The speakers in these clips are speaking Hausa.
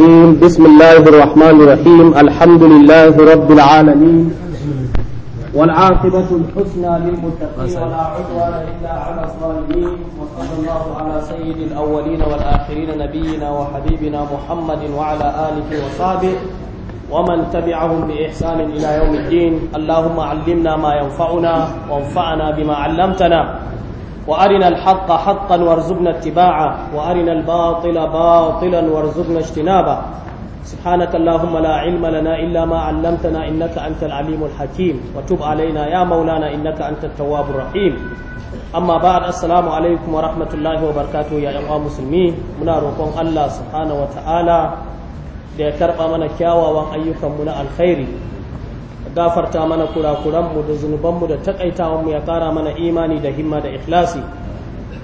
الرجيم بسم الله الرحمن الرحيم الحمد لله رب العالمين والعاقبة الحسنى للمتقين ولا عدوان إلا على الظالمين وصلى الله على سيد الأولين والآخرين نبينا وحبيبنا محمد وعلى آله وصحبه ومن تبعهم بإحسان إلى يوم الدين اللهم علمنا ما ينفعنا وانفعنا بما علمتنا وأرنا الحق حقا وارزقنا اتباعه وأرنا الباطل باطلا وارزقنا اجتنابه سبحانك اللهم لا علم لنا إلا ما علمتنا إنك أنت العليم الحكيم وتب علينا يا مولانا إنك أنت التواب الرحيم أما بعد السلام عليكم ورحمة الله وبركاته يا أيها المسلمين منا روكم الله سبحانه وتعالى da ya karɓa mana kyawawan ayyukanmu na alkhairi gafarta mana kurakuranmu da zunubanmu da takaitawanmu ya kara mana imani da himma da ikhlasi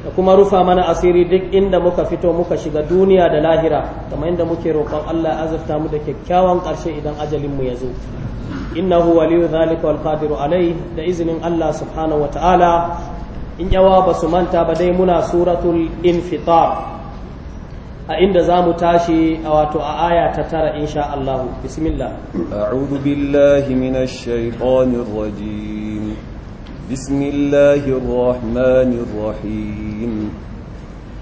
da kuma rufa mana asiri duk inda muka fito muka shiga duniya da lahira kamar inda muke roƙon Allah ya azurta mu da kyakkyawan ƙarshe idan ajalin mu ya zo innahu waliyu zalika wal qadiru alai da izinin Allah subhanahu wa ta'ala in yawa ba su manta ba dai muna suratul infitar a inda za mu tashi a wato a aya ta tara insha Allah bismillah a'udhu billahi minash shaitanir rajim bismillahir rahmanir rahim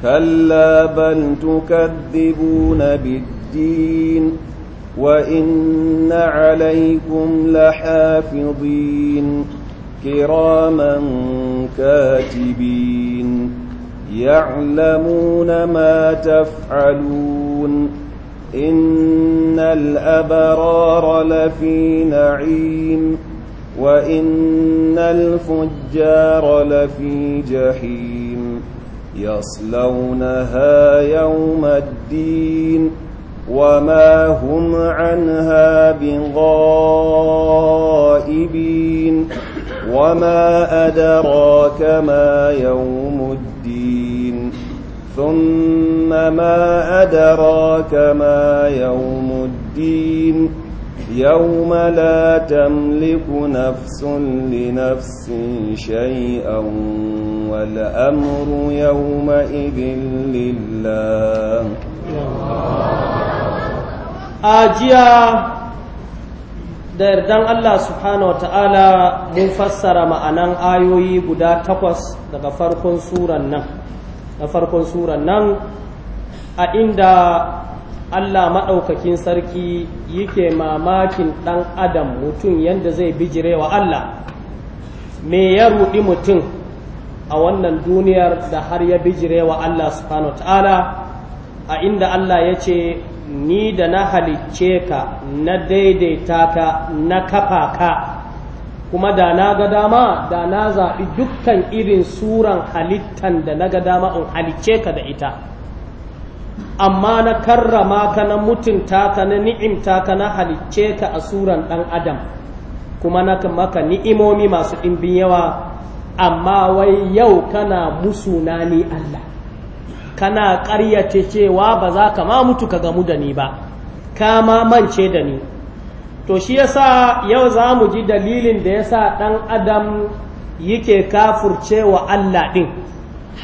kalla bal tukadhibuna biddin wa inna alaykum lahafidin kiraman katibin يعلمون ما تفعلون إن الأبرار لفي نعيم وإن الفجار لفي جحيم يصلونها يوم الدين وما هم عنها بغائبين وما أدراك ما يوم الدين ثم ما أدراك ما يوم الدين يوم لا تملك نفس لنفس شيئا والأمر يومئذ لله ajiya da yardan Allah subhanahu wa ta'ala mun fassara ma'anan ayoyi guda takwas daga farkon suran nan na farkon suran nan a inda Allah maɗaukakin sarki yake mamakin ɗan adam mutum yadda zai bijire wa Allah me ya ruɗi mutum a wannan duniyar da har ya bijire wa Allah subhanahu ta'ala a inda Allah ya ce ni da na halicce ka na daidaita ka na kafa ka kuma da na ga dama da na zaɓi dukkan irin suran halittan da na ga dama in halicce ka da ita amma na karrama ka na mutunta ka na ni'imta ka na halice ka a suran ɗan adam kuma na maka ni'imomi masu ɗimbin yawa amma wai yau kana musuna ni Allah kana karyace cewa ba za ka ma mutu ka gamu da ni ba ka ma mance da ni to shi yasa yau za mu ji dalilin da yasa ɗan adam yake kafurce wa Allah ɗin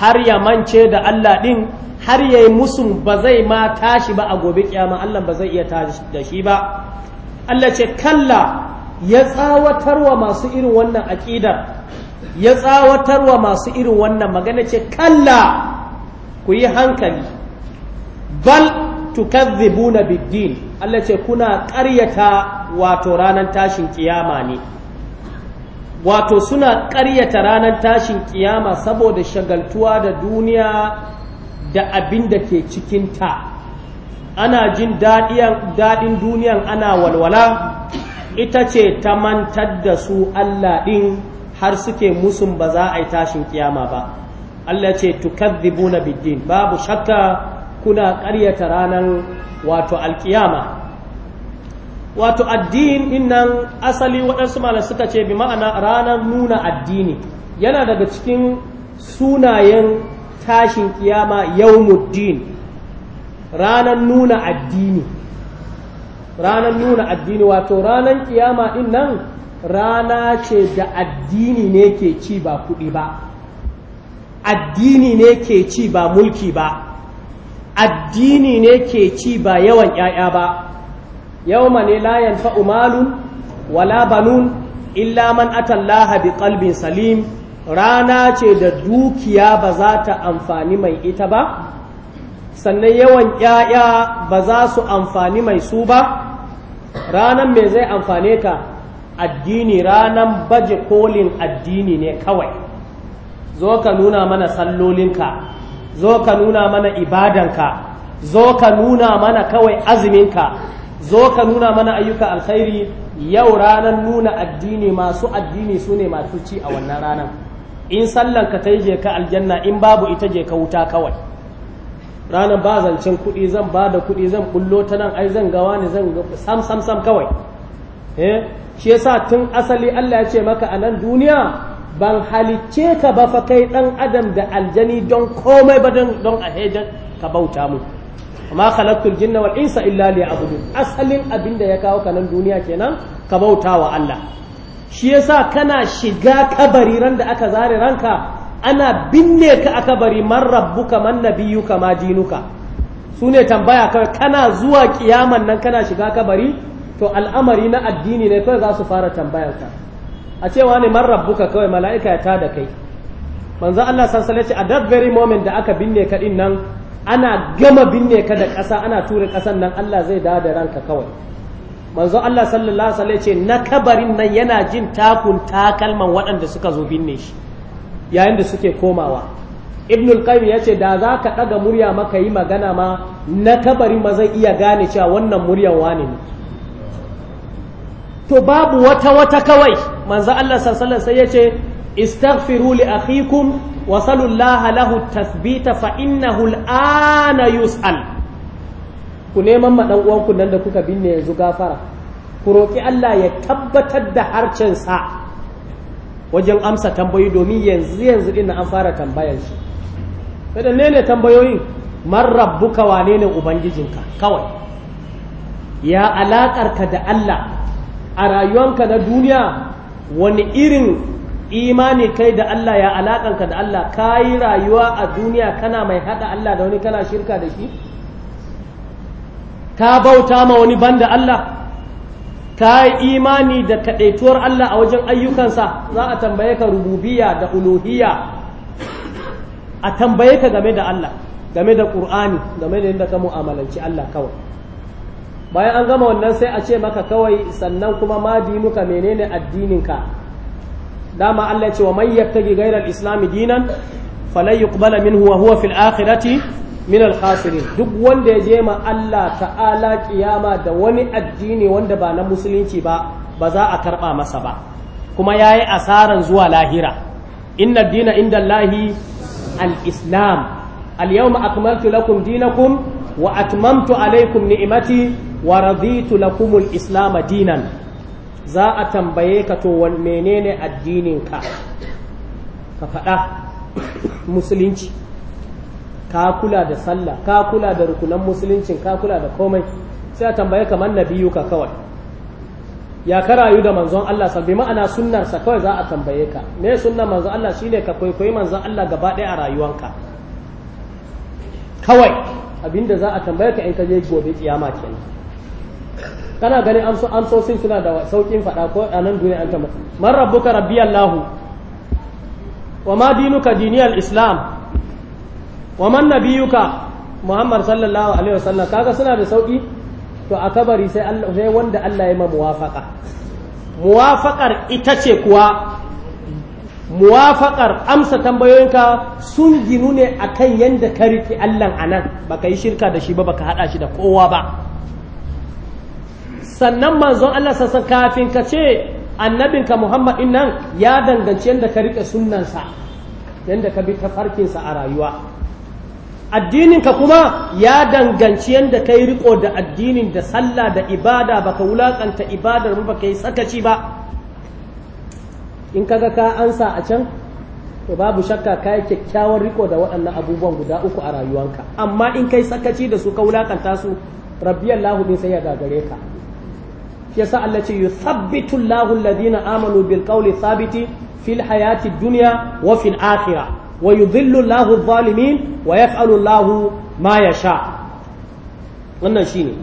har ya mance da Allah ɗin har ya yi musun ba zai ma tashi ba a gobe kyama Allah ba zai iya tashi da shi ba Allah ce kalla ya tsawatarwa masu irin wannan aƙidar ya tsawatarwa masu irin wannan magana ce kalla ku yi hankali bal tukadhibuna biddin Allah ce kuna ƙaryata wato ranar tashin kiyama ne wato suna ƙaryata ranar tashin kiyama saboda shagaltuwa da duniya da abin da ke cikinta ana jin daɗin duniyan ana walwala ita ce ta mantar da su Allah ɗin har suke musun ba za a yi tashin kiyama ba Allah ce tukadhibuna biddin babu shakka kuna ƙaryata ranar wato alkiyama wato addini innan asali waɗansu malar suka ce bi ma'ana ranar nuna addini yana daga cikin sunayen tashin kiyama yawmuddin ranar nuna addini ranar nuna addini wato ranar kiyama innan rana ce da addini ne ke ci ba kuɗi ba addini ne ke ci ba mulki ba addini ne ke ci ba yawan ‘ya'ya ba, yauma ne layan fa'umalun, wala banun, illa man atallaha bi kalbin salim, rana ce da dukiya ba za ta amfani mai ita ba, sannan yawan ‘ya'ya ba za su amfani mai su ba, ranan mai zai amfane ka? addini ranan baje kolin addini ne kawai, zo ka nuna mana sallolinka. zo ka nuna mana ibadanka zo ka nuna mana kawai azuminka zo ka nuna mana ayyuka alkhairi yau ranar nuna addini masu addini su ne masu ci a wannan ranar in sallan ka ta yi je ka aljanna in babu ita je ka wuta kawai ranar ba zancen kuɗi zan ba da kuɗi zan kullo ta nan ai zan gawa ne zan sam sam sam kawai eh shi yasa tun asali Allah ya ce maka a nan duniya ban halicce ka ba fa kai dan adam da aljani don komai ba don a ka bauta mu amma khalaqtul jinna wal insa illa liya'budu asalin abinda ya kawo ka nan duniya kenan ka bauta wa Allah shi yasa kana shiga kabari ran da aka zare ranka ana binne ka a kabari man rabbuka man nabiyuka ma dinuka Sune tambaya ka kana zuwa kiyaman nan kana shiga kabari to al'amari na addini ne kawai za su fara tambayar ka. a cewa ne man rabbuka kawai mala'ika ya tada kai manzo Allah sale ce a that very moment da aka binne ka din nan ana gama binne ka da ƙasa ana tura ƙasan nan Allah zai dawo da ranka kawai manzo Allah sallallahu alaihi ce na kabarin nan yana jin takun takalman waɗanda suka zo binne shi yayin da suke komawa ibnul qayyim ya ce da za ka ɗaga murya maka yi magana ma na kabarin ma zai iya gane cewa wannan muryan wane ne to babu wata wata kawai manzo Allah sallallahu sai yace istaghfiru li akhikum wa sallallahu lahu tathbita fa innahu al'ana yus'al ku neman ma dan uwanku nan da kuka binne yanzu gafara ku roki Allah ya tabbatar da harcen sa wajen amsa tambayoyi domin yanzu yanzu din an fara tambayar shi wadanne ne tambayoyin man rabbuka wane ne ubangijinka kawai ya alaƙarka da Allah a rayuwanka na duniya wani irin imani kai da Allah ya alakanka da Allah ka yi rayuwa a duniya kana mai haɗa Allah da wani kana shirka da shi ka bauta ma wani banda Allah ka yi imani da kaɗaituwar Allah a wajen ayyukansa za a tambaye ka rububiya da uluhiya a tambaye ka game da Allah game da ƙur'ani game da yadda ka mu'amalanci Allah kawai bayan an gama wannan sai a ce maka kawai sannan kuma ma menene addininka dama Allah ya ce wa man yattaqi ghayra al-islam dinan falan yuqbala minhu wa huwa fil akhirati min al duk wanda ya je ma Allah ta'ala kiyama da wani addini wanda ba na musulunci ba ba za a karba masa ba kuma yayi asaran zuwa lahira inna dina inda Allahi al-islam al-yawma akmaltu lakum dinakum wa atmamtu alaykum ni'mati wa raditu lakumul islam dinan za a tambaye ka to wal menene addinin ka ka faɗa musulunci ka kula da sallah ka kula da rukunan musuluncin ka kula da komai sai a tambaye ka man ka kawai ya ka rayu da manzon Allah sa bi ma'ana sunnarsa kawai za a tambaye ka me sunnar manzon Allah shine ka kwaikwayi manzon Allah gaba ɗaya a rayuwanka kawai abinda za a tambaye ka in ka je gobe kiyama kenan kana ganin amsosin suna da saukin faɗa ko a nan duniya an tambaya man rabbuka rabbiyallahu wa ma dinuka diniyal islam wa man nabiyuka muhammad sallallahu alaihi wasallam kaga suna da sauki to a kabari sai Allah sai wanda Allah ya ma muwafaqa muwafaqar ita ce kuwa muwafaqar amsa tambayoyinka sun ginu ne akan yanda ka riƙe Allah anan baka yi shirka da shi ba baka hada shi da kowa ba sannan manzon Allah sassa kafin ka ce annabinka Muhammad nan ya danganci yadda ka riƙe sunansa yadda ka bi tafarkinsa a rayuwa addininka kuma ya danganci yadda ka yi riƙo da addinin da sallah da ibada baka wulaƙanta ibadar ba ka yi sakaci ba in kaga ka ansa a can to babu shakka ka yi kyakkyawan riƙo da waɗannan abubuwan guda uku a rayuwanka amma in kai sakaci da su ka wulaƙanta su rabbi Allah din sai ya gagare ka yasa Allah ce yuthabbitu Allahu alladhina amanu bil qawli thabiti fil hayati dunya wa fil akhirah wa yudhillu Allahu adh-dhalimin wa yaf'alu Allahu ma yasha wannan shine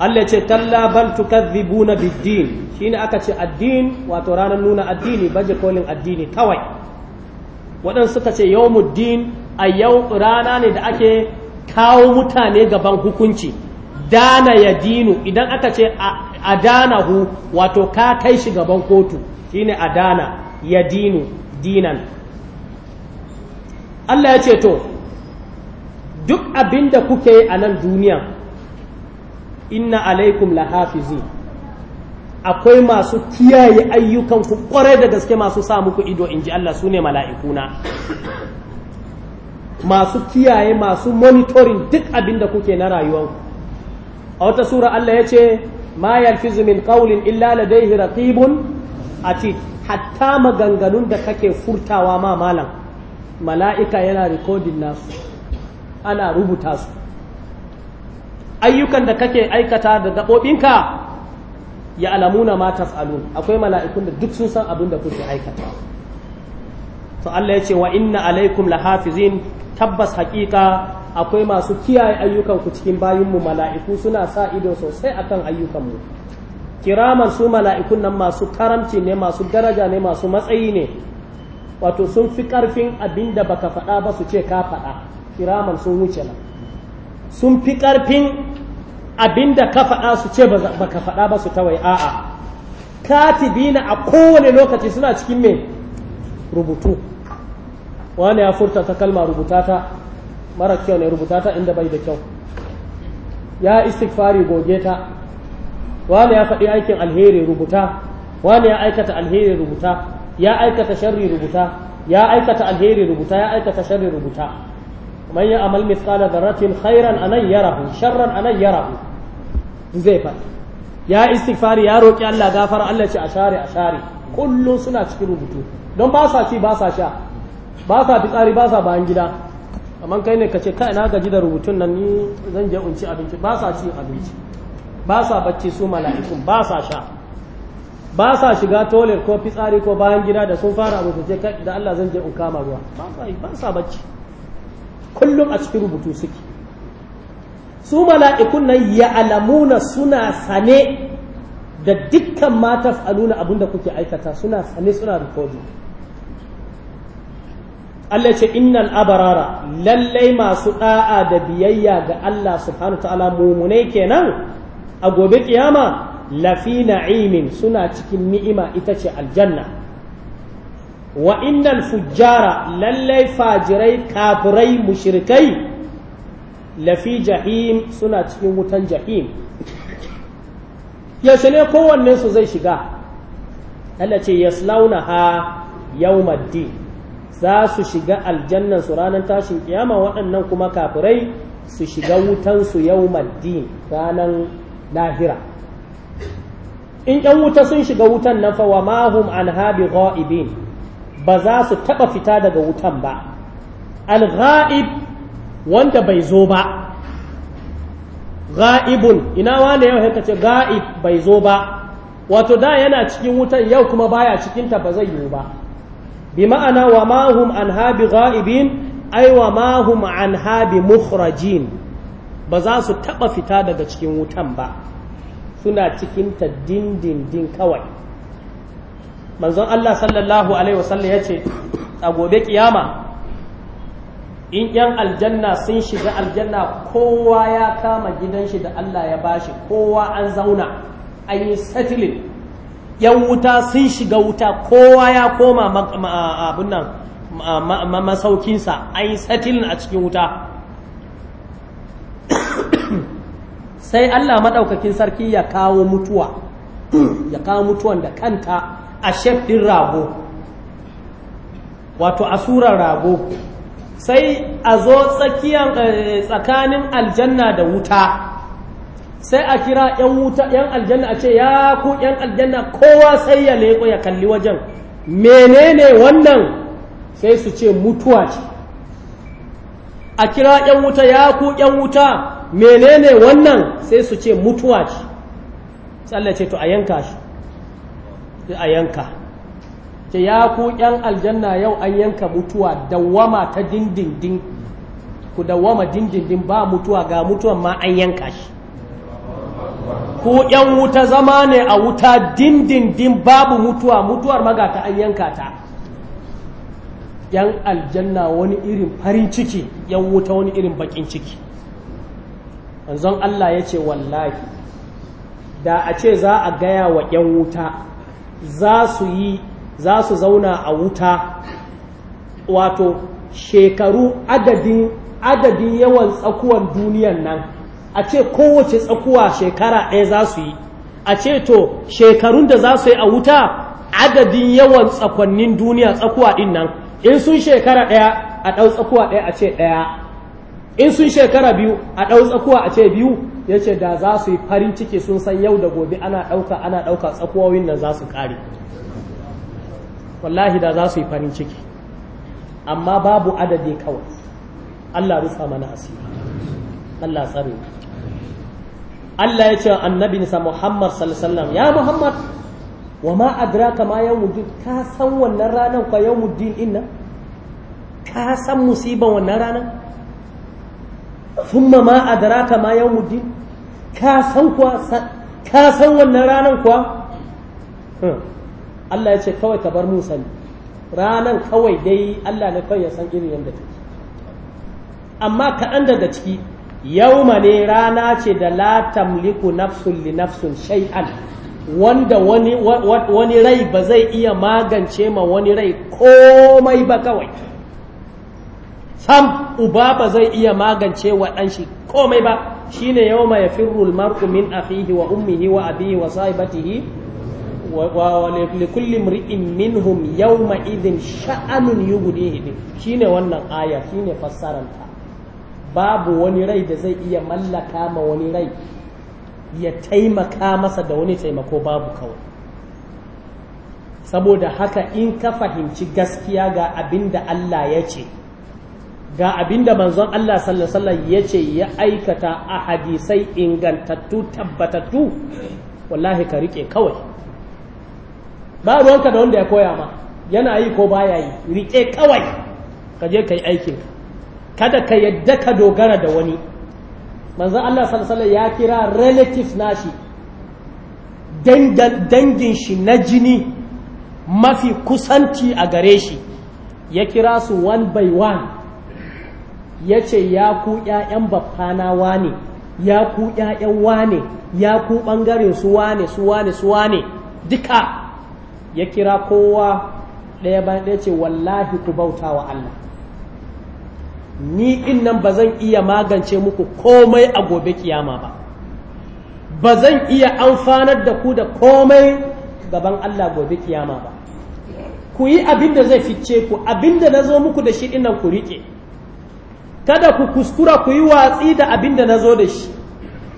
Allah ce talla bal tukadhibuna bid-din shine aka ce addin wato ranar nuna addini baje kolin addini kawai waɗansu suka ce yawmuddin a yau rana ne da ake kawo mutane gaban hukunci dana ya dinu idan aka ce a adanahu wato ka kai shi gaban kotu shine adana ya dinu dinan Allah ya ce to duk abin da kuke yi a nan duniya inna alaikum hafizi akwai masu kiyaye ayyukan ku kwarai da gaske masu sa muku ido inji Allah su ne mala'ikuna masu kiyaye masu monitoring duk abin da kuke na rayuwa a wata sura Allah ya ce ma yalfizu min qawlin illa ladayhi raqibun atid hatta maganganun da kake furtawa ma malam mala'ika yana rikodin nasu ana rubuta su ayyukan da kake aikata da gaɓoɓinka ya alamuna ma tas'alun akwai mala'ikun da duk sun san abin da kuke aikata to Allah ya ce wa inna alaikum lahafizin tabbas hakika akwai masu kiyaye ayyukan ku cikin mu mala'iku suna sa ido sosai akan ayyukan mu. kiraman su mala'ikun nan masu karamci ne masu daraja ne masu matsayi ne wato sun fi ƙarfin abin da baka faɗa ba su ce ka faɗa kiraman sun wuce nan sun fi ƙarfin abin ka faɗa su ce baka faɗa ba su tawai a'a katibina a kowane lokaci suna cikin mai rubutu wani ya furta ta kalma rubuta ta mara kyau ne rubuta ta inda bai da kyau ya istighfari goge ta wani ya faɗi aikin alheri rubuta wani ya aikata alheri rubuta ya aikata sharri rubuta ya aikata alheri rubuta ya aikata sharri rubuta man ya amal mithqala dharratin khairan anan yarahu sharran anan yarahu zai faɗi ya istighfari ya roki Allah gafara Allah ce a share a share kullum suna cikin rubutu don ba sa ci ba sa sha ba sa fitsari ba sa bayan gida amma kai ne ka ce kai na gaji da rubutun nan ni zan je in ci abinci ba sa ci abinci ba sa bacci su mala'ikun ba sa sha ba sa shiga tole ko fitsari ko bayan gida da sun fara abu ce kai da Allah zan je in kama ruwa ba sa ba sa bacci kullum a cikin rubutu suke su mala'ikun nan ya alamuna suna sane da dukkan mata fa'aluna abinda kuke aikata suna sane suna recording Allah ce innal abarara lallai masu da'a da biyayya ga Allah subhanahu ta'ala mumunai kenan a gobe kiyama lafi na'imin suna cikin ni'ima ita ce aljanna wa innal fujjara lallai fajirai kafirai mushrikai lafi jahim suna cikin wutan jahim yaushe ne kowanne su zai shiga Allah ce yaslauna ha yawmaddin za su shiga aljannan su ranar tashin kiyama waɗannan kuma kafirai su shiga wutansu yau din ranar lahira in ‘yan wuta sun shiga wutan nan fa wa mahum an habi ba za su taɓa fita daga wutan ba al-ga'ib wanda bai zo ba ga'ibun ina wane yau ka ce bai zo ba wato da yana cikin wutan yau kuma baya cikinta ba zai yiwu ba bi ma'ana wa ma hum anha bi ghaibin ai wa ma hum mukhrajin ba za su taba fita daga cikin wutan ba suna cikin ta din kawai manzon Allah sallallahu alaihi wasallam yace a gobe kiyama in yan aljanna sun shiga aljanna kowa ya kama gidan shi da Allah ya bashi kowa an zauna an yi settling yan wuta sun shiga wuta kowa ya koma abin nan masaukinsa an yi satilin a cikin wuta sai Allah maɗaukakin sarki ya kawo mutuwa ya kawo mutuwan da kanta a shafin rago wato a surar rago sai a zo eh, tsakanin aljanna da wuta sai a kira yan wuta yan aljanna a ce ya ku yan aljanna kowa sai ya leko ya kalli wajen menene wannan sai su ce mutuwa ce a kira yan wuta ya ku yan wuta menene wannan sai su ce mutuwa ce sai ce to a yanka shi a yanka ce ya ku yan aljanna yau an yanka mutuwa dawama ta dindindin ku dawama dindindin ba mutuwa ga mutuwan ma an yanka shi ko yan wuta zama ne a wuta dindindin babu mutuwa mutuwar magata, an yanka ta yan aljanna wani irin farin ciki yan wuta wani irin baƙin ciki manzon Allah ya ce wallahi da a ce za a gaya wa yan wuta za su yi za su zauna a wuta wato shekaru adadin adadin yawan tsakuwar duniyan nan a ce kowace tsakuwa shekara ɗaya za su yi a ce to shekarun da za su yi a wuta adadin yawan tsakonnin duniya tsakuwa ɗin nan in sun shekara ɗaya a ɗau tsakuwa ɗaya a ce ɗaya in sun shekara biyu a ɗau tsakuwa a ce biyu ya ce da za su yi farin ciki sun san yau da gobe ana ɗauka ana ɗauka tsakuwowin nan za su ƙare wallahi da za su yi farin ciki amma babu adadi kawai Allah rufa mana asiri Allah tsare Allah ya ce wa annabinsa Muhammad sallallahu ya Muhammad wa ma adraka ma yawmuddin ka san wannan ranan kwa yawmuddin din nan ka san musiban wannan ranan thumma ma adraka ma yawmuddin ka san kwa ka san wannan ranan kwa hmm. Allah ya ce kawai ka bar mu sani ranan kawai dai Allah ne kawai ya san irin yadda take amma kaɗan daga ciki yauma ne rana ce da la tamliku nafsun li nafsun shay'an wanda wani, rai ba zai iya magance ma wani rai komai ba kawai sam uba ba zai iya magance wa ɗan shi komai ba shine yauma ya firrul a min akhihi wa ummihi wa abihi wa sahibatihi wa, wa, wa mri'in minhum yawma idhin sha'anun yughnihi shine wannan aya shine fassaranta babu wani rai da zai iya mallaka ma wani rai ya taimaka masa da wani taimako babu kawai saboda haka in ka fahimci gaskiya ga abin da Allah ya ce ga abin da manzon Allah sallallahu ya ce ya aikata a hadisai ingantattu tabbatattu wallahi ka rike kawai ba ruwanka da wanda ya koya ma yana yi ko baya yi rike kawai ka je ka aikinka kada ka yadda ka dogara da wani manzo Allah sallallahu ya kira relatives nashi dangin shi na jini mafi kusanci a gare shi ya kira su one by one ya ce ya ku ‘ya'yan babbana wane ya ku ƴaƴan wane ya ku ɓangaren su wane su wane su wane duka ya kira kowa ɗaya bayan ɗaya ce wallahi ku bauta wa Allah ni innan nan ba zan iya magance muku komai a gobe kiyama ba ba zan iya amfanar da ku da komai gaban Allah gobe kiyama ba ku yi abin da zai fice ku abin da na zo muku da shi din ku riƙe kada ku kuskura ku yi watsi da abin da na zo da shi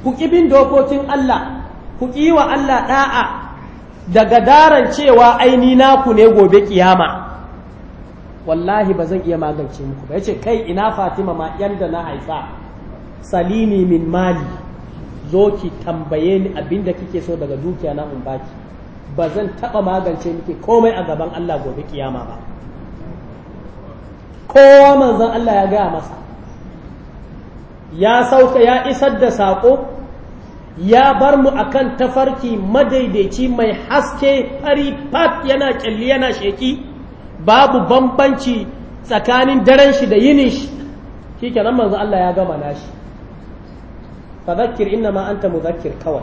ku ki bin dokokin Allah ku yi wa Allah da'a daga daren cewa aini naku ne gobe kiyama wallahi ba zan iya magance muku ba yace kai ina Fatima ma yanda na haifa salimi min mali zo ki tambaye ni abinda kike so daga dukiya na in baki ba zan taba magance miki komai a gaban Allah gobe kiyama ba kowa manzon Allah ya gaya masa ya sauka ya isar da saƙo ya bar mu akan tafarki madaidaici mai haske fari fat yana kyalli yana sheki babu bambanci tsakanin daren shi da yinin shi shi kenan manzo Allah ya gama nashi fa zakir inna ma anta muzakkir kawai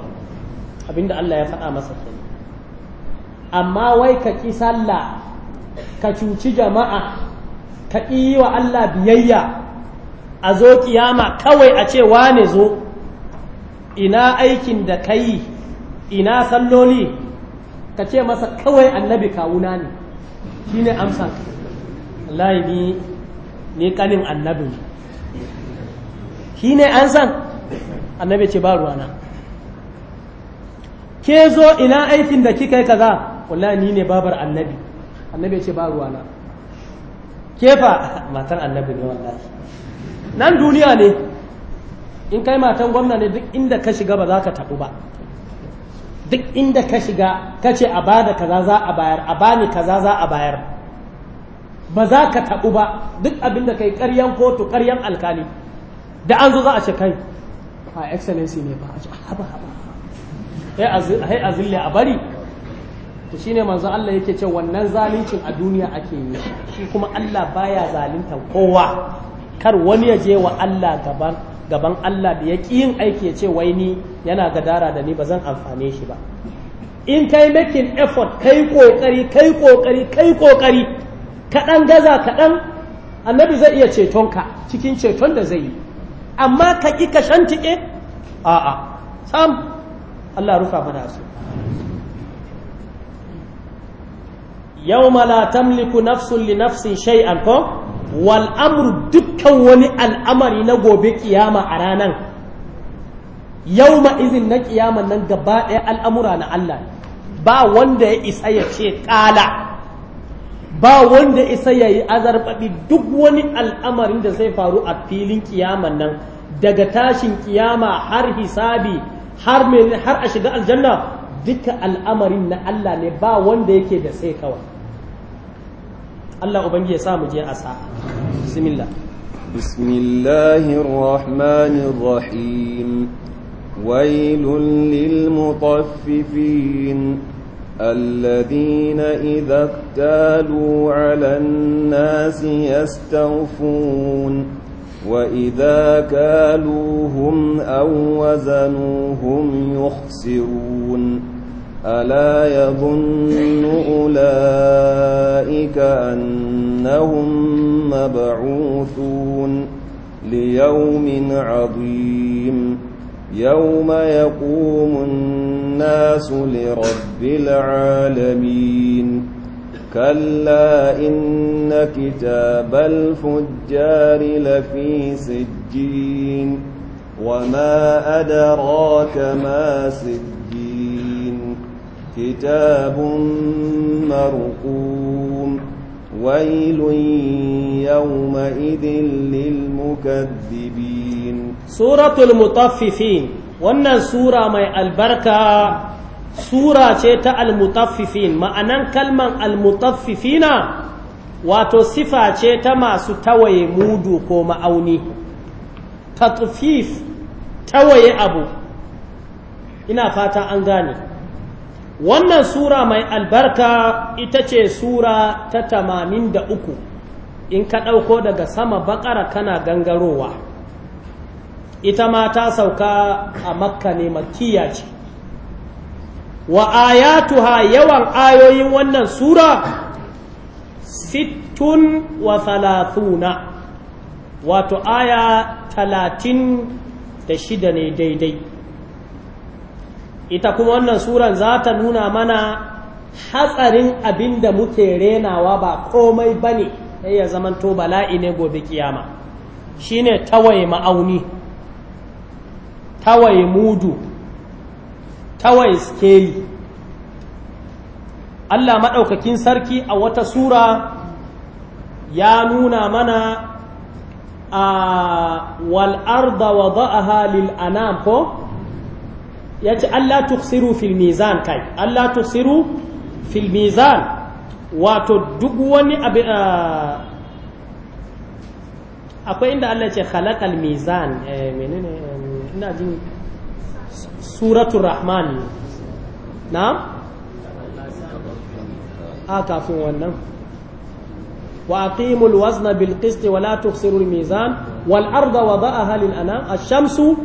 abinda Allah ya faɗa masa kenan amma wai ka ki sallah ka cuci jama'a ka yi wa Allah biyayya a zo kiyama kawai a ce wane zo ina aikin da ka yi ina salloli ka ce masa kawai annabi kawuna ne shi ne amsa Allah ni ni kanin annabi shi ne an san annabi ce ba ruwana ke zo ina aikin da kika yi kaza wallahi ni ne babar annabi annabi ce ba ruwana kefa matan annabi ne wallahi nan duniya ne in kai matan gwamna ne duk inda ka shiga ba za ka tabu ba duk inda ka shiga ka ce a bada kaza za a bayar a bani kaza za a bayar ba za ka taɓu ba duk abin da kai karyan kotu karyan alkali da an zo za a ce kai a excellency ne ba a ce haba haba hai a zille a bari to shine manzo Allah yake ce wannan zaluncin a duniya ake yi shi kuma Allah baya zalunta kowa kar wani ya je wa Allah gaban gaban Allah da ya ƙi yin aiki ya ce wai ni yana gadara da ni ba zan amfane shi ba in kai making effort kai ƙoƙari, kai ƙoƙari, kai kokari kaɗan gaza kaɗan annabi zai iya ceton ka, cikin ceton da zai yi amma ka ƙi ka shantike a'a sam Allah rufa mana su yau la tamliku nafsun li nafsin shay'an ko wal amru dukkan wani al'amari na gobe kiyama a ranan yau izin na kiyaman nan gaba ɗaya al'amura na Allah ba wanda ya isa ya ce ƙala ba wanda isa ya yi azarfaɗi duk wani al'amarin da zai faru a filin kiyaman nan daga tashin kiyama har hisabi har a shiga aljanna duka al'amarin na Allah ne ba wanda yake da sai kawai Allah ubangi ya sa mu je a sa bismillah bismillahir rahmanir rahim wailul lil mutaffifin الذين إذا اكتالوا على الناس يستوفون وإذا كالوهم أو وزنوهم يخسرون ألا يظن أولئك أنهم مبعوثون ليوم عظيم يوم يقوم الناس لرب العالمين كلا إن كتاب الفجار لفي سجين وما أدراك ما سجين كتاب مرقوم ويل يومئذ للمكذبين سورة المطففين وانا سورة ما البركة سورة تاء المطففين ما أنا كلمة المطففين wato sifa ce ta masu tawaye mudu ko ma'auni tatfif tawaye abu ina fata an gane wannan sura mai albarka ita ce sura ta tamanin da uku in ka ɗauko daga sama bakara kana gangarowa ita ma ta sauka a makka ne makiya ce wa ayatuha yawan ayoyin wannan sura sittun wa thalathuna wato aya talatin da shida ne daidai ita kuma wannan suran za ta nuna mana hatsarin abin da muke renawa ba komai ba ne ya zamanto bala'i ne gobe kiyama shine tawaye ma'auni tawaye mudu tawaye skeli Allah maɗaukakin sarki a wata sura ya nuna mana a wal'arda wa za'aha lil'anam ko? ya ce Allah tuksiru fil mizan kai Allah tuksiru fil mizan wato duk wani abin ah, akwai inda Allah ce khalaqal mizan eh, menene eh, ina jin suratul rahman na a ah, kafin wannan وأقيموا الوزن بالقسط ولا تخسروا الميزان والأرض وضعها للأنام shamsu.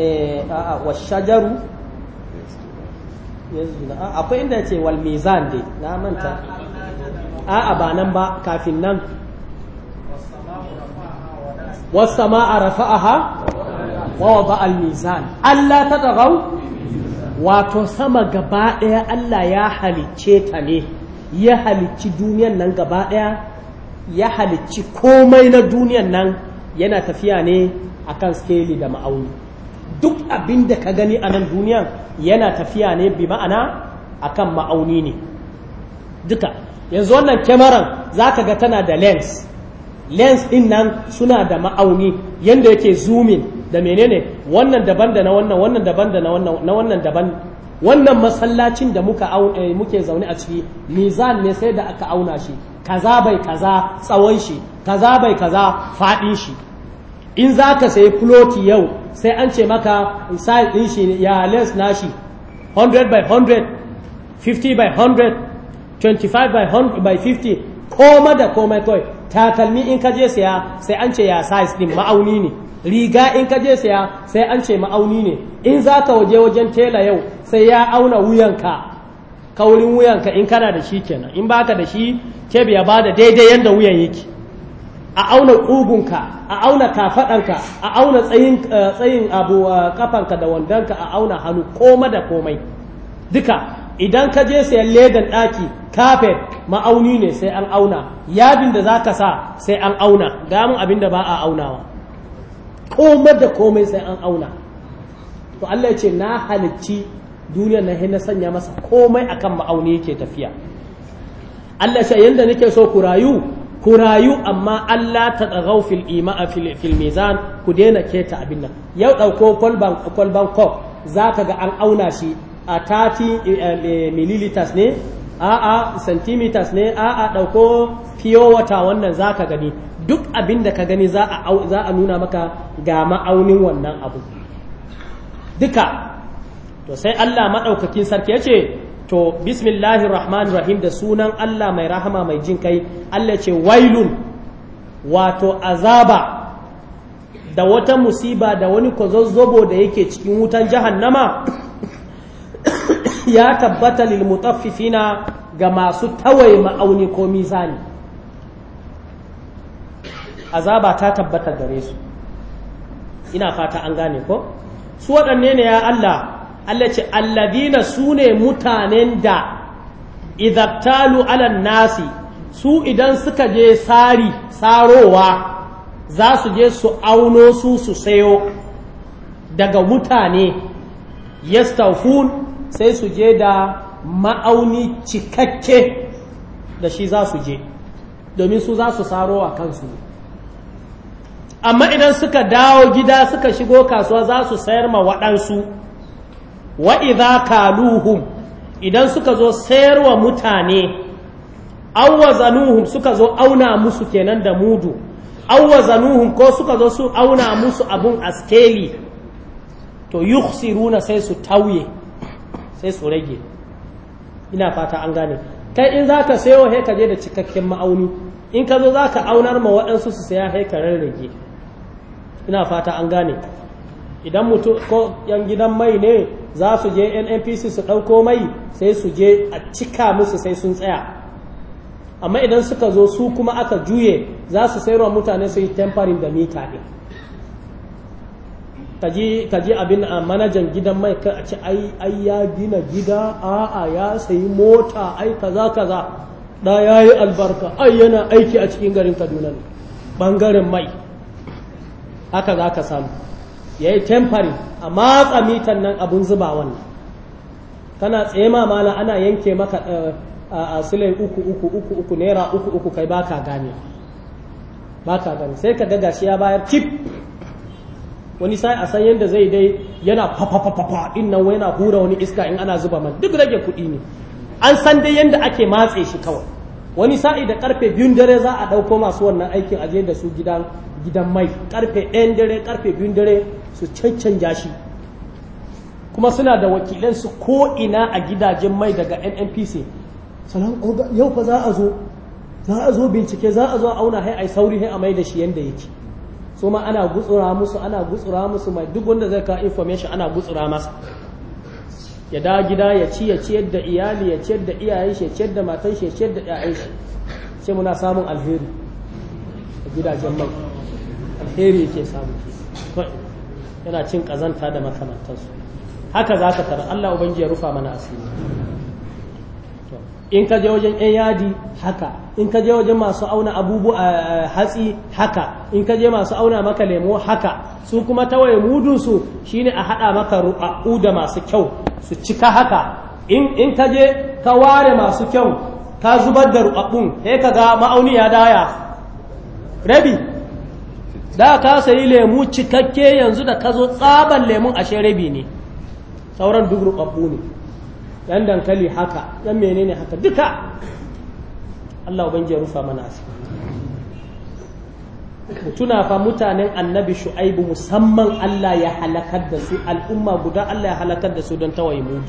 Eh, a'a wa shajaru akwai inda ce walmizan dai na manta a'a ba nan ba kafin nan was sama'a a wa wawa ba almizan Allah ta tagau wato sama gaba daya Allah ya halicce ta ne ya halicci duniyan nan gaba daya ya halicci komai na duniyan nan yana tafiya ne akan skeli da ma'auni duk abin da ka gani a nan duniyan yana tafiya ne bi ma'ana akan ma'auni ne duka yanzu wannan kyamaran za ka ga tana da lens lens din nan suna da ma'auni yadda yake zoomin da menene wannan daban da na wannan wannan daban da na wannan daban wannan masallacin da muka eh, muke zaune a ciki nizan ne sai da aka auna shi kaza bai kaza tsawon shi kaza bai kaza faɗin shi in za ka sayi floti yau sai an ce maka size ɗin shi ya na nashi 100 by 100 50 by 100 25 by 100 by 50 koma da koma kawai takalmi in ka je saya sai an ce ya size ɗin ma'auni ne riga in ka je saya sai an ce ma'auni ne in za ka waje wajen tela yau sai ya auna wuyanka kaurin wuyanka in kana da shi kenan in baka da shi biya ba bada daidai yadda wuyan yake a auna ƙugunka a auna kafaɗanka a auna tsayin eh, abu kafanka eh, da wandonka a auna hannu koma da komai duka idan ka je sayan ledan ɗaki kafet ma'auni ne sai an auna yadin da zaka sa sai an auna gamin abin da ba a aunawa koma da komai sai an auna to Allah ya ce na halicci duniyar na na sanya masa komai akan ma'auni yake tafiya Allah ya ce yanda nake so ku rayu ku rayu amma Allah ta tsagau fil ima a fil mizan ku daina keta abin nan yau ɗauko kwalban kwalban za ka ga an auna shi a 30 eh, eh, milliliters ne a'a centimeters ne a'a ɗauko pure water wannan za ka gani duk abin da ka gani za a nuna maka ga ma'aunin wannan abu duka to sai Allah maɗaukakin sarki ya ce to bismillahi rahman rahim da sunan Allah mai rahama mai jin kai Allah ce wailun wato azaba da wata musiba da wani kwazazzobo da yake cikin wutan jahannama ya tabbata lil mutaffifina ga masu tawaye ma'auni ko mizani azaba ta tabbata gare su ina fata an gane ko su waɗanne ne ya Allah Allah ce alladina su ne mutanen da idabtalu alan nasi su idan suka je sari sarowa za su je su auno su su sayo daga mutane yastafun sai su je da ma'auni cikakke da shi za su je domin su za su a kansu amma idan suka dawo gida suka shigo kasuwa za su sayar ma waɗansu wa idza kaluhum idan suka zo sayarwa mutane awwazanuhum suka zo auna musu kenan da mudu awwazanuhum ko suka zo su auna musu abun askeli to yukhsiruna sai su tauye sai su rage ina fata an gane kai in zaka sayo he ka je da cikakken ma'auni in ka zo zaka aunar ma waɗansu su saya he ka rarrage ina fata an gane idan mutum ko yan gidan mai ne za su je nnpc su ɗauko mai sai su je a cika musu sai sun tsaya amma idan suka zo su kuma aka juye za su sayarwa mutane su yi temfarin da mita ɗin ka ji abin a manajan gidan mai ka a ci ai ya gina gida a'a ya sayi mota ai kaza kaza da ya yi albarka ai yana aiki a cikin garin kaduna ne ɓangaren mai haka za ka samu ya yi temporary a matsa mitan nan abun zuba wannan kana tsaye mamala ana yanke maka eh, a silai uku uku uku uku naira uku uku kai baka gane baka gane sai ka ga shi ya bayar tip wani sai a san yadda zai dai yana fafafafafa din nan yana hura wani iska in ana zuba man duk rage kuɗi ne an san dai yadda ake matse shi kawai wani sa'i da karfe biyun dare za a ɗauko masu wannan aikin aje da su gidan gidan mai karfe ɗayan dare karfe biyun dare su cancanja shi kuma suna da wakilansu ko ina a gidajen mai daga nnpc salam yau fa za a zo za a zo bincike za a zo a auna hai ai sauri hai a mai da shi yanda yake so ma ana gutsura musu ana gutsura musu mai duk wanda zai ka information ana gutsura masa ya da gida ya ci ya ciyar da iyali ya ciyar da iyayen shi ya ciyar da matan shi ya ciyar da ƴaƴan shi sai muna samun alheri a gidajen mai alheri yake samu yana cin kazanta da makamantansu haka za ka tara Allah ubangiji ya rufa mana asiri in ka je wajen 'yan yadi haka in ka je wajen masu auna abubu a hatsi haka in ka je masu auna maka lemo haka su kuma tawaye su shine a haɗa maka ru'a'u da masu kyau su cika haka in ka je ka ware masu kyau ka zubar da ru'a'un sai ka ga ma'auni ya daya rabi da ka sayi lemu cikakke yanzu da ka zo tsaban lemun a sharebi ne sauran duk rubabbu ne yan dankali haka yan menene haka duka Allah ubangiji ya rufa mana asiri tuna fa mutanen annabi shu'aibu musamman Allah ya halakar da su al'umma guda Allah ya halakar da su don tawaye mutu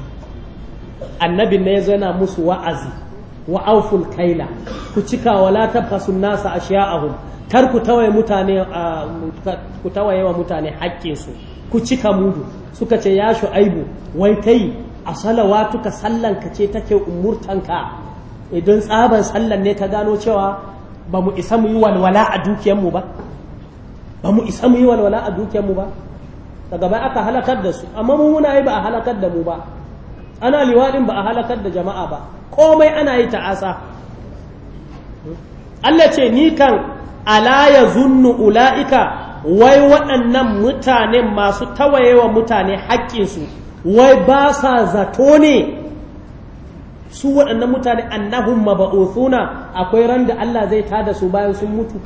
annabin ne ya zana musu wa'azi wa auful kaila ku cika la tabhasun nasa ashiya'ahum kar ku tawaye mutane ku tawaye wa mutane haƙƙin su ku cika mudu suka ce ya aibu wai kai a salawatuka sallan ka ce take umurtanka idan tsaban sallan ne ka gano cewa ba mu isa mu yi walwala a dukiyarmu ba ba mu isa mu yi walwala a dukiyarmu ba daga bai aka halakar da su amma mu muna yi ba a halakar da mu ba ana liwaɗin ba a halakar da jama'a ba komai ana yi ta'asa Allah ce ni kan ala ya zunnu ula'ika wai waɗannan mutane masu tawayewa mutane haƙƙinsu wai ba sa zato ne su waɗannan mutane annahum maba'uthuna akwai randa Allah zai tada su bayan sun mutu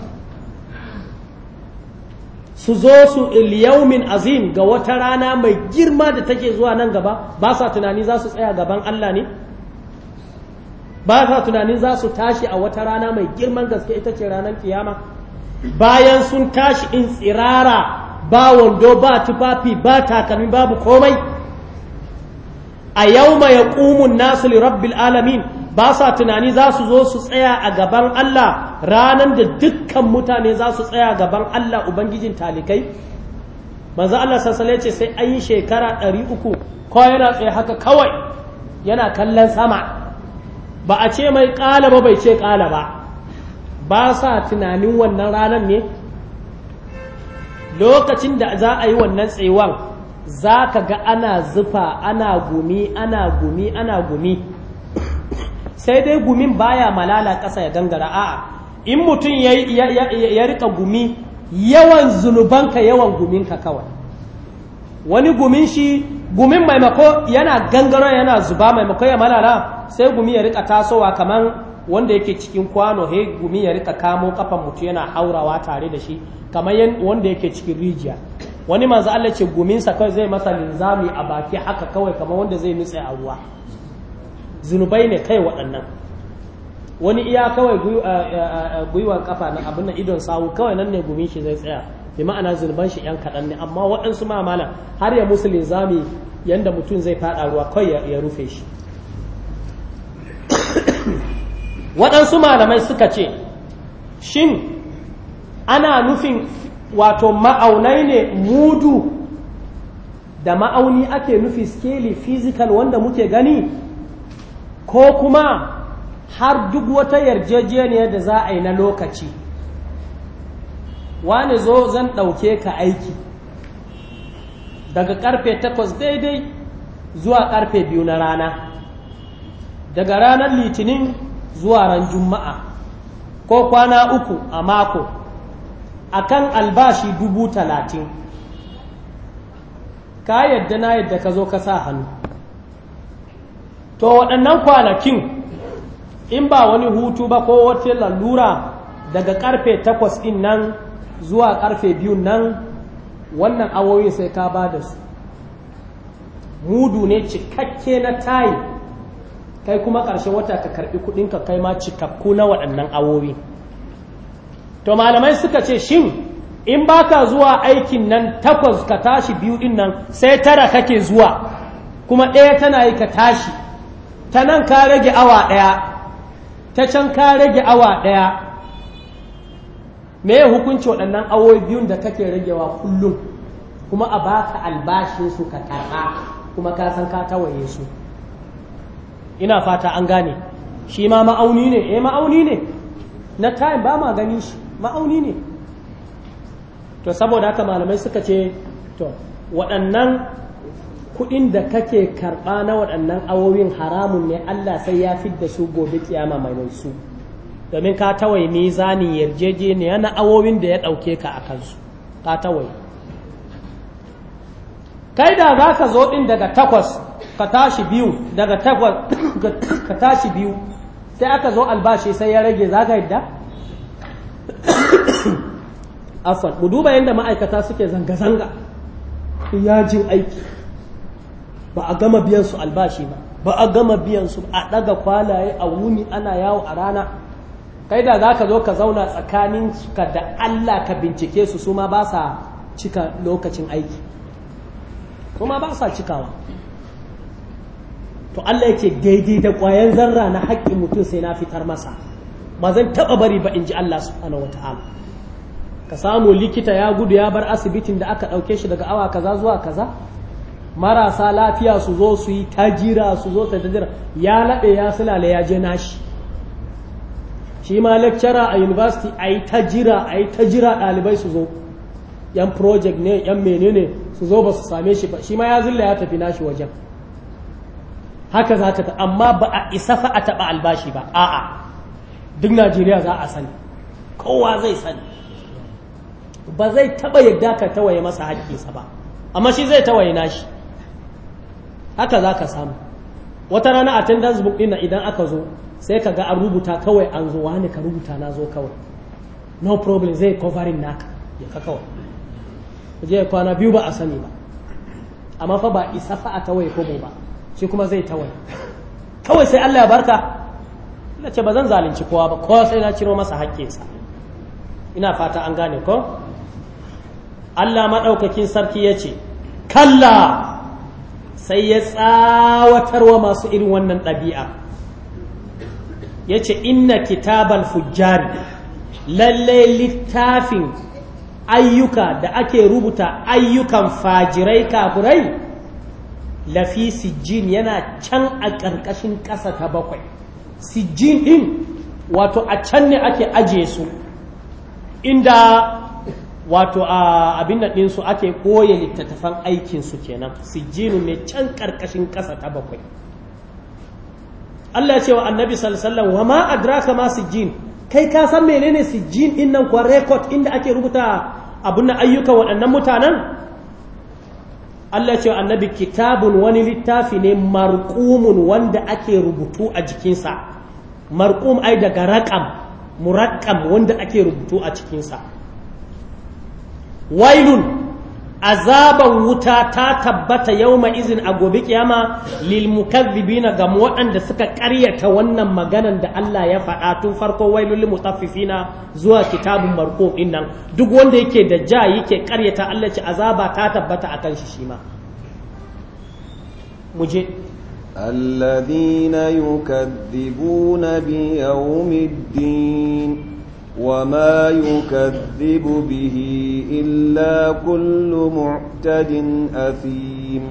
su zo su ilyaumin azim ga wata rana mai girma da take zuwa nan gaba ba sa tunani za su tsaya gaban Allah ne ba sa tunanin za su tashi a wata rana mai girman gaske ita ce ranar kiyama bayan sun tashi in tsirara ba wando ba tufafi ba takalmi babu komai a yau mai ƙumun nasu li rabbil alamin ba sa tunani za su zo su tsaya a gaban Allah ranar da dukkan mutane za su tsaya a gaban Allah Ubangijin talikai manzo Allah sassale ce sai an yi shekara ɗari uku ko yana tsaye haka kawai yana kallon sama ba a ce mai ƙala ba bai ce ƙala ba ba sa tunanin wannan ranar ne lokacin da za a yi wannan tsewan, za ka ga ana zufa ana gumi ana gumi ana gumi sai dai gumin baya malala ƙasa ya gangara a'a in mutum ya rika gumi yawan zunubanka yawan guminka kawai wani gumin shi gumin maimako yana gangaro yana zuba maimako ya malala sai gumi ya rika tasowa kamar wanda yake cikin kwano he gumi ya rika kamo kafan mutu yana haurawa tare da shi kamar wanda yake cikin rijiya wani manzo Allah ce guminsa kawai zai masa linzami a baki haka kawai kamar wanda zai nutse a ruwa zunubai ne kai waɗannan wani iya kawai gwiwa kafa eh, eh, eh, na abin nan idon sawu kawai nan ne gumin shi zai tsaya bi ma'ana zunuban shi yan kaɗan ne amma waɗansu ma har ya musu linzami yanda mutum zai faɗa ruwa kawai ya rufe shi waɗansu malamai suka ce shin ana nufin wato ma'aunai ne mudu da ma'auni ake nufi skeli physical wanda muke gani ko kuma har duk wata yarjejeniyar da za a yi na lokaci wani zo zan ɗauke ka aiki daga ƙarfe takwas daidai zuwa ƙarfe biyu na rana daga ranar litinin zuwa ran juma'a ko kwana uku a mako a kan albashi dubu talatin ka yadda na yadda ka zo ka sa hannu to waɗannan kwanakin in ba wani hutu ba ko wata lalura daga ƙarfe takwas ɗin nan zuwa karfe biyu nan wannan awoyin sai ka ba da su mudu ne cikakke na tayi kai kuma ƙarshe wata ka karɓi kuɗinka kai ma cikakku na waɗannan awowi to malamai suka ce shin in ba ka zuwa aikin nan takwas ka tashi biyu ɗin nan sai tara kake zuwa kuma ɗaya tana yi ka tashi ta nan ka rage awa ɗaya ta can ka rage awa ɗaya me hukunci waɗannan awoyi biyun da kake ragewa kullum kuma a baka albashin su ka karɓa kuma ka san ka tawaye su ina fata an gane shi ma ma'auni ne eh ma'auni ne na time ba ma gani shi ma'auni ne to saboda haka malamai suka ce to waɗannan kuɗin da kake karɓa na waɗannan awowin haramun ne Allah sai ya fi da su gobe kiyama mai mai su domin ka tawai mizanin ne yana awowin da ya ɗauke ka a kansu ka tawai kai da za ka zo ɗin daga takwas ka tashi biyu daga takwas ka tashi biyu sai aka zo albashi sai ya rage za ka yadda afon mu duba yadda ma'aikata suke zanga-zanga ya jin aiki ba a gama biyan su albashi ba ba a gama biyan su a daga kwalaye a wuni ana yawo a rana kai da za ka zo ka zauna tsakanin ka da Allah ka bincike su su ma ba sa cika lokacin aiki su ma ba sa cikawa to Allah yake daidai da ƙwayan zarra na haƙƙi mutum sai na fitar masa ba zan taɓa bari ba in ji Allah subhanahu wata'ala ka samu likita ya gudu ya bar asibitin da aka ɗauke shi daga awa kaza zuwa kaza marasa lafiya su zo su yi tajira su zo ta tajira ya laɓe ya sulale ya je nashi shi ma lecturer a university a yi tajira a yi tajira ɗalibai su zo yan project ne yan menene su zo ba su same shi ba shi ma ya zilla ya tafi nashi wajen haka za ta ta amma ba a isa fa a taɓa albashi ba a'a duk najeriya za a sani kowa zai sani ba zai taɓa yadda ka tawaye masa haƙƙinsa ba amma shi zai tawaye nashi haka za ka samu wata rana a attendance book ɗin idan aka zo sai ka ga an rubuta kawai an zo wani ka rubuta na zo kawai no problem zai covering naka ya ka kawai je kwana biyu ba a sani ba amma fa ba isa fa a tawaye ko ba shi kuma zai tawaye kawai sai Allah ya barka na ce ba zan zalunci kowa ba kowa sai na ciro masa haƙƙinsa ina fata an gane ko Allah maɗaukakin sarki ya ce kalla sai ya tsawatarwa masu irin wannan ɗabi'a ya ce inna kitabal fujjari lallai littafin ayyuka da ake rubuta ayyukan fajirai kaburai lafi sijjin yana can a ƙarƙashin ƙasa ta bakwai sijjin ɗin wato a can ne ake ajiye su inda wato a abin da ɗinsu ake ɓoye littattafan aikinsu kenan sijjinu mai can ƙarƙashin ƙasa ta bakwai Allah ya ce wa annabi sallallahu wa ma adraka ma sijjin kai ka san menene sijjin din nan kuwa record inda ake rubuta abun ayyuka waɗannan mutanen Allah ya ce wa annabi kitabun wani littafi ne marqumun wanda ake rubutu a jikinsa marqum ai daga raqam murakkam wanda ake rubutu a cikinsa wailun azaban wuta ta tabbata yau mai izin a gobe kiyama lilmukazzibi na ga waɗanda suka ƙaryata wannan maganan da Allah ya faɗa tun farko wailun lil na zuwa kitabun marko din nan duk wanda yake da ja yake ƙaryata Allah ce azaba ta tabbata a kan shi shi ma muje الذين يكذبون بيوم الدين وما يكذب به إلا كل معتد أثيم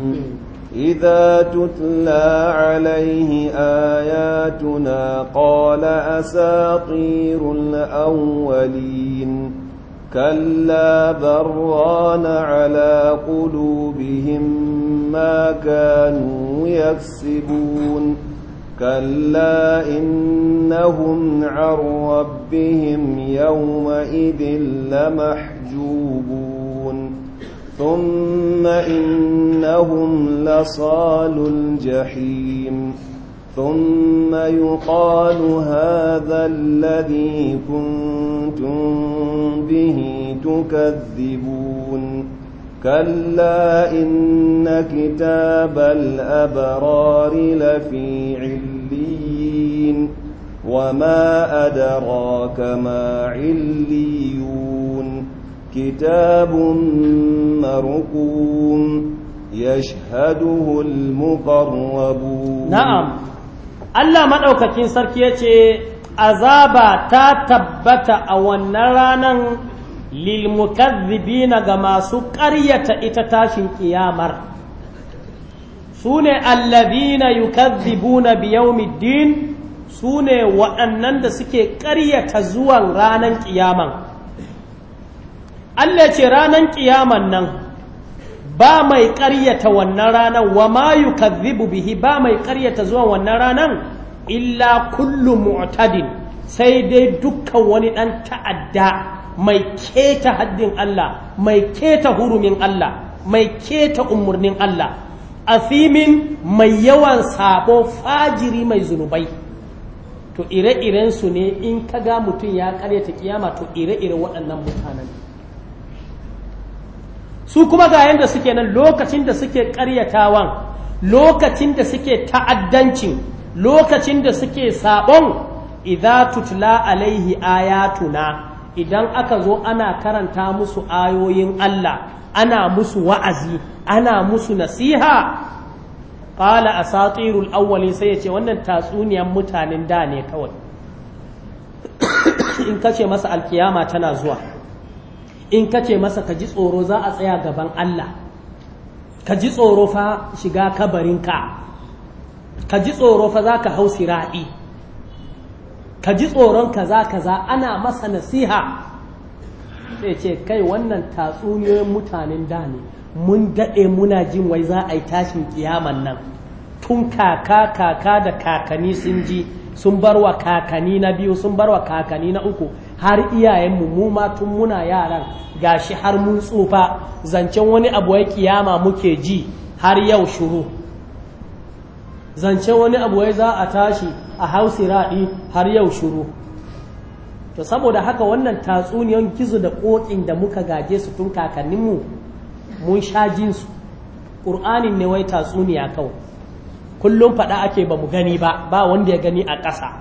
إذا تتلى عليه آياتنا قال أساطير الأولين كلا بران على قلوبهم ما كانوا يكسبون كلا إنهم عن ربهم يومئذ لمحجوبون ثم إنهم لصال الجحيم ثم يقال هذا الذي كنتم به تكذبون كلا إن كتاب الأبرار لفي عليين وما أدراك ما عليون كتاب مرقوم يشهده المقربون نعم Allah maɗaukakin sarki ya ce azaba ta tabbata a wannan ranan lil na ga masu ƙaryata ita tashin kiyamar su ne allazina yukazzibuna na yawmiddin su ne waɗannan da suke ƙaryata zuwan ranan kiyaman Allah ce ranan kiyaman nan ba mai ƙaryata wannan ranan wa ma yukazzibu bihi ba mai ƙaryata zuwan wannan ranan illa kullu mu'tadin sai dai dukkan wani ɗan ta'adda mai keta haddin Allah mai keta hurumin Allah mai keta umarnin Allah asimin mai yawan sabo fajiri mai zunubai to ire-iren su ne in ka ga mutum ya karyata kiyama to ire-iren waɗannan mutanen su kuma ga yadda suke nan lokacin da suke karyatawan lokacin da suke ta'addancin lokacin da suke sabon idza tutla alaihi ayatuna idan aka zo ana karanta musu ayoyin Allah ana musu wa'azi ana musu nasiha a satirul awwalin sai ya ce wannan tatsuniyan mutanen da ne kawai in kace masa alkiyama tana zuwa in kace masa ka ji tsoro za a tsaya gaban Allah ka ji tsoro fa shiga kabarinka ka ji tsoro fa za ka hau sira'i ka ji tsoron kaza kaza ana masa nasiha sai ce kai wannan tatsuniyoyin mutanen da ne mun daɗe muna jin wai za a yi tashin kiyaman nan tun kaka kaka da kakani sun ji sun barwa kakani na biyu sun bar wa kakani na uku har iyayenmu mu ma tun muna yaran gashi har mun tsufa zancen wani abu ya kiyama muke ji har yau shuru zancen wani abu wai za a tashi a hausi raɗi har yau shuru to saboda haka wannan tatsuniyar gizo da ƙoƙin da muka gaje su tun kakanninmu mun sha jinsu ƙur'anin ne wai tatsuniya kawai kullum faɗa ake ba mu gani ba ba wanda ya gani a ƙasa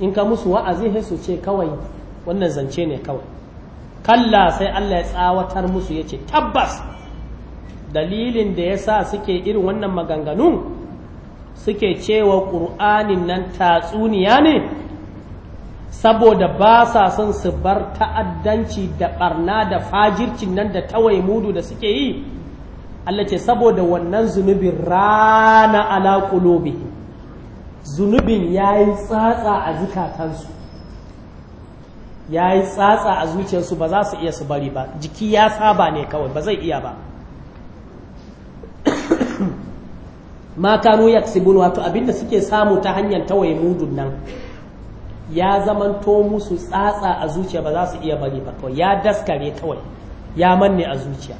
in ka musu wa'azi sai su ce kawai wannan zance ne kawai kalla sai Allah ya tsawatar musu ya ce tabbas dalilin da ya sa suke irin wannan maganganun suke cewa ƙur'anin nan tatsuniya ne saboda ba sa son su bar ta'addanci da ɓarna da fajircin nan da tawai mudu da suke yi Allah ce saboda wannan zunubin rana ala ƙulobi zunubin ya yi tsatsa a zukatansu ya yi tsatsa a zuciyarsu ba za su iya su bari ba jiki ya saba ne kawai ba zai iya ba ma kanu yaksibun wato abinda suke samu ta hanyar tawaye mudun nan ya zamanto musu tsatsa a zuciya ba za su iya bari ba to ya daskare kawai ya manne a zuciya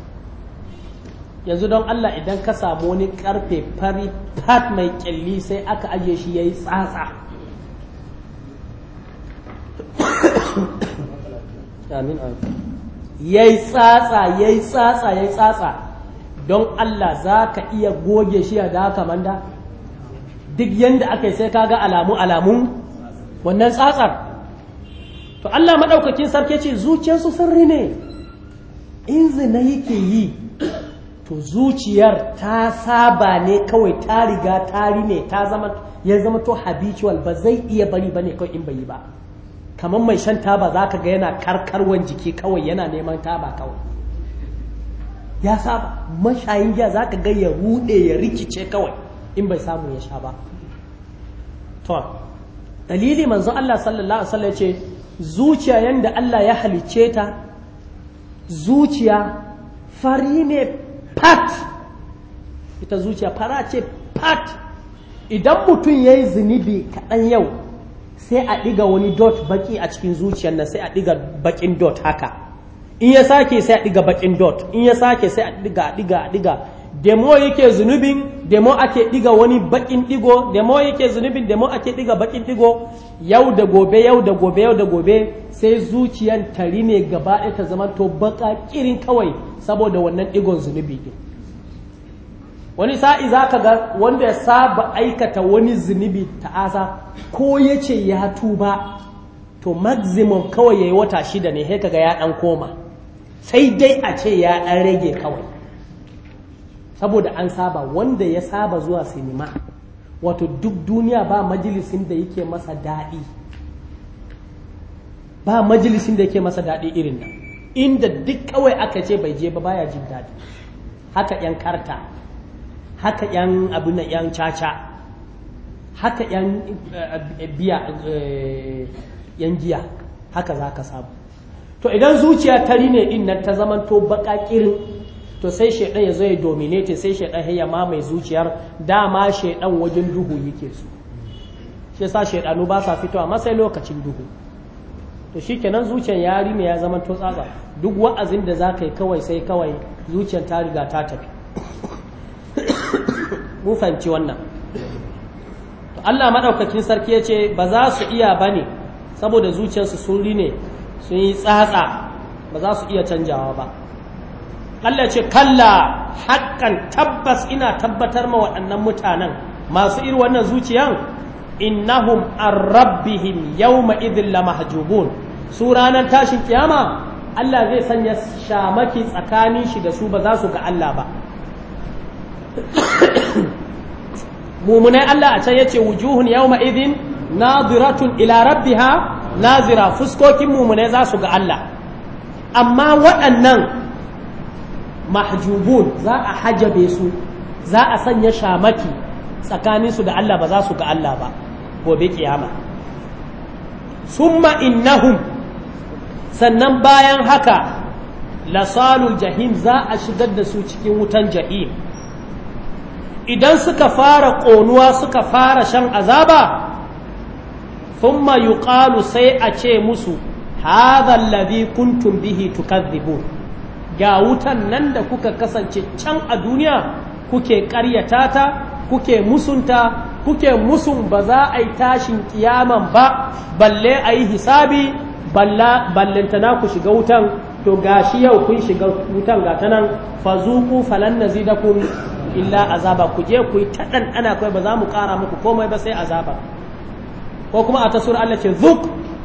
yanzu don Allah idan ka samu wani karfe fari fat mai kyalli sai aka ajiye shi yi tsatsa ya yi tsatsa yi tsatsa yi tsatsa don Allah za ka iya goge shi a da manda? duk yadda aka yi sai ka ga alamu alamu wannan tsatsar to Allah maɗaukakin sarki ce zuciyarsu sirri ne in zina yake yi to zuciyar ta saba ne kawai ta riga tari ne ta zama ya zama to habitual ba zai iya bari ba ne kawai in bai yi ba kamar mai shan taba za ka ga yana karkarwan jiki kawai yana neman taba kawai ya saba mashayin giya za ka ga ya rude ya rikice kawai in bai samu ya sha ba to dalili manzo Allah sallallahu alaihi wasallam ce zuciya yanda Allah ya halicce ta zuciya fari ne pat ita zuciya fara ce pat idan mutum yayi yi zunubi kaɗan yau sai a ɗiga wani dot baki a cikin zuciyar nan sai a ɗiga bakin dot haka in ya sake sai a diga bakin dot in ya sake sai a diga diga diga demo yake zunubin demo ake diga wani bakin digo demo yake zunubin demo ake diga bakin digo yau da gobe yau da gobe yau da gobe sai zuciyan tari ne gaba ɗaya ta zama to baka kirin kawai saboda wannan digon zunubi din wani sa'i za ka ga wanda ya saba aikata wani zunubi ta'asa ko ya ce ya tuba to maximum kawai ya yi wata shida ne sai kaga ya ɗan koma sai dai a ce ya ɗan rage kawai saboda an saba wanda ya saba zuwa sinima wato duk duniya ba majalisin da yake masa daɗi ba majalisin da yake masa daɗi irin nan inda duk kawai aka ce bai je ba baya jin daɗi haka 'yan karta haka 'yan abin 'yan caca haka 'yan eh, eh, biya 'yan eh, giya haka za ka samu to idan zuciya ta rine din nan ta zamanto kirin to sai shaidan ya zo ya dominate sai shaidan ya mamaye zuciyar dama shaidan wajen duhu yake su shi yasa shaidanu ba sa fitowa amma sai lokacin duhu to shikenan zuciyar ya rine ya zamanto tsatsa duk wa'azin da za yi kawai sai kawai zuciyar ta riga ta tafi mu fahimci wannan Allah maɗaukakin sarki ya ce ba za su iya bane saboda zuciyarsu sun rine sun yi tsatsa ba za su iya canjawa ba Allah ce kalla haƙƙan tabbas ina tabbatar ma waɗannan mutanen masu iri wannan zuciyan innahum an rabbihim yawma la lamahjubun su ranar tashin kiyama Allah zai sanya shamaki tsakanin shi da su ba za su ga Allah ba mumunai Allah a can yace wujuhun yawma idhin nadiratun ila rabbiha nazira fuskokin mumune za su ga Allah amma waɗannan mahjubun za a hajabe su za a sanya shamaki tsakanin su da Allah ba za su ga Allah ba gobe kiyama summa innahum sannan bayan haka lasalul jahim za a shigar da su cikin wutan jahim idan suka fara ƙonuwa suka fara shan azaba thumma yuqalu sai a ce musu hadha alladhi kuntum bihi tukadhibun ga wutan nan da kuka kasance can a duniya kuke ƙaryata ta kuke musunta kuke musun ba za a yi tashin kiyaman ba balle a yi hisabi ballantana ku shiga wutan to gashi yau kun shiga wutan ta nan fazuku falan nazidakum illa azaba ku je ku yi ta ɗanɗana kai ba za mu ƙara muku komai ba sai azaba ko kuma a ta sura Allah ce zuk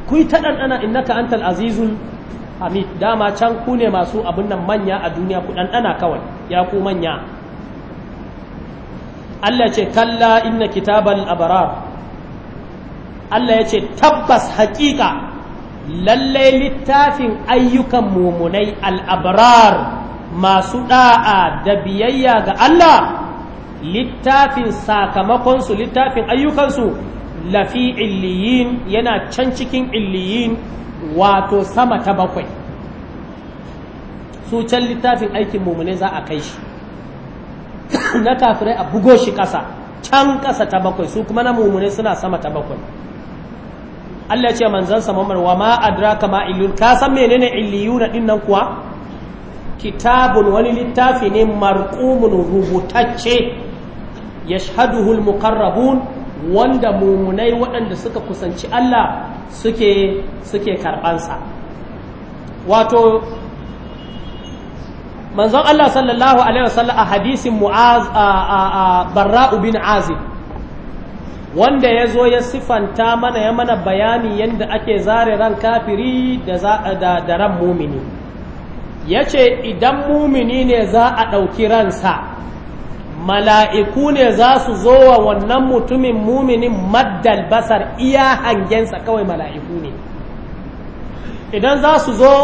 ku yi ta ɗanɗana innaka antal azizul hamid dama can ku ne masu abin nan manya a duniya ku ɗanɗana kawai ya ku manya Allah ce kalla inna kitabal abrar Allah ya ce tabbas haƙiƙa lallai littafin ayyukan mumunai al'abrar masu ɗa'a da biyayya ga Allah littafin sakamakonsu littafin ayyukansu lafi illiyin yana can cikin illiyin wato sama ta bakwai su can littafin aikin mumune za a kai shi na kafirai a bugo shi ƙasa can ƙasa ta bakwai su kuma na mumune suna sama ta bakwai Allah ce manzon sa wa ma adraka ma illiyun ka san menene illiyuna din nan kuwa kitabun wani littafi ne marqumun rubutacce yashhaduhu almuqarrabun wanda mumunai waɗanda suka kusanci Allah suke suke karɓansa wato manzon Allah sallallahu alaihi wasallam a hadisin Mu'az a Barra'u bin Azib wanda ya zo ya sifanta mana ya mana bayani yadda ake zare ran kafiri da da, da ran mumini ya ce idan mumini ne za a ɗauki ransa mala'iku ne za su zo wa wannan mutumin muminin maddal basar iya hangensa kawai mala'iku ne idan za su zo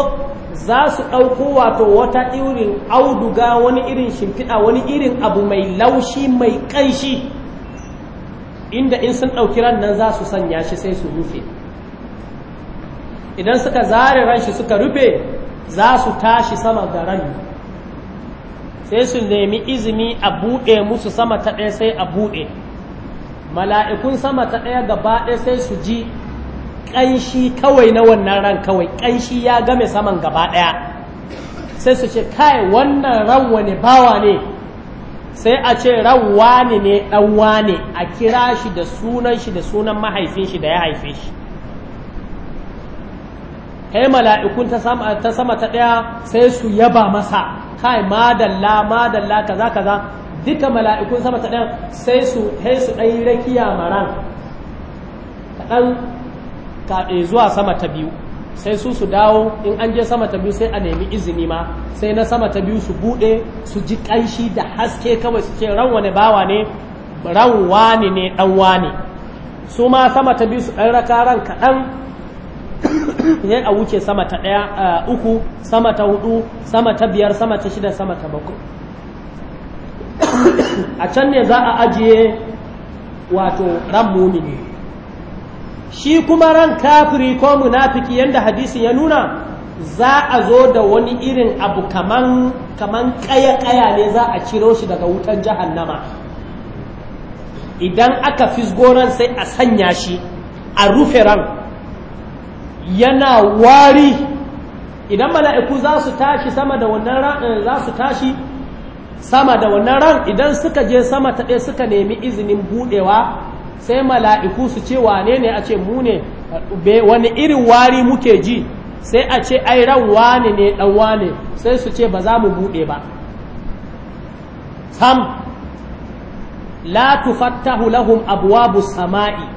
za su ɗauko wato wata irin auduga wani irin shimfiɗa wani irin abu mai laushi mai ƙanshi inda in sun ɗauki ran nan za su sanya shi sai su rufe idan suka zare ran shi suka rufe za su tashi sama da ran sai su nemi izini a buɗe musu sama ta ɗaya sai a buɗe mala'ikun sama ta ɗaya gaba ɗaya sai su ji ƙanshi kawai na wannan ran kawai ƙanshi ya game saman gaba ɗaya sai su ce kai wannan ran wani bawa ne sai a ce ran wani ne ɗan wani a kira shi da sunan shi da sunan mahaifin shi da ya haife shi kai mala'ikun ta sama ta ɗaya sai su yaba masa kai madalla madalla kaza kaza duka mala'ikun sama ta ɗan sai su sai su ɗan rakiya maran kaɗan kaɗe zuwa sama ta biyu sai su su dawo in an je sama ta biyu sai a nemi izini ma sai na sama ta biyu su buɗe su ji ƙanshi da haske kawai su ce ran wani bawa ne ran wani ne ɗan wani su ma sama ta biyu su ɗan raka ran kaɗan a wuce sama ta ɗaya uku sama ta hudu sama ta biyar sama ta shida sama ta bakwai a can ne za a ajiye wato ran mumini shi kuma ran kafiri ko munafiki yadda hadisin ya nuna za a zo da wani irin abu kaman kaman kaya-kaya ne za a ciro shi daga wutan jahannama idan aka fisgoran sai a sanya shi a rufe ran yana wari idan mala'iku za su tashi sama da wannan ran eh, za su tashi sama da wannan ran idan suka je sama taɗe suka nemi izinin buɗewa sai mala'iku su ce wane ne a ce mu ne wani irin wari muke ji sai a ce ai ran wane ne ɗan wane sai su ce ba za mu buɗe ba sam la tufattahu lahum bu sama'i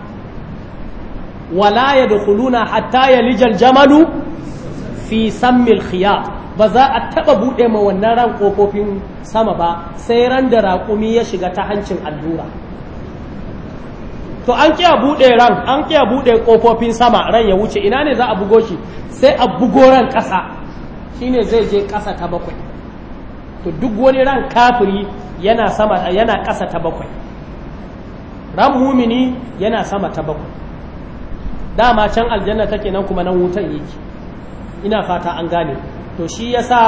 wala dukuluna hatta lijar jamalu fi sammil khiyat ba za a taba bude ma wannan ran kofofin sama ba sai ran da raƙumi ya shiga ta hancin allura to an kiya bude ran an kiya bude kofofin sama ran ya wuce ina ne za a bugo shi sai a bugo ran ƙasa shine zai je ƙasa ta bakwai to duk wani ran kafiri yana sama yana ƙasa ta bakwai ran mumini yana sama ta bakwai dama can aljanna take nan kuma nan wutan yake ina fata an gane to shi yasa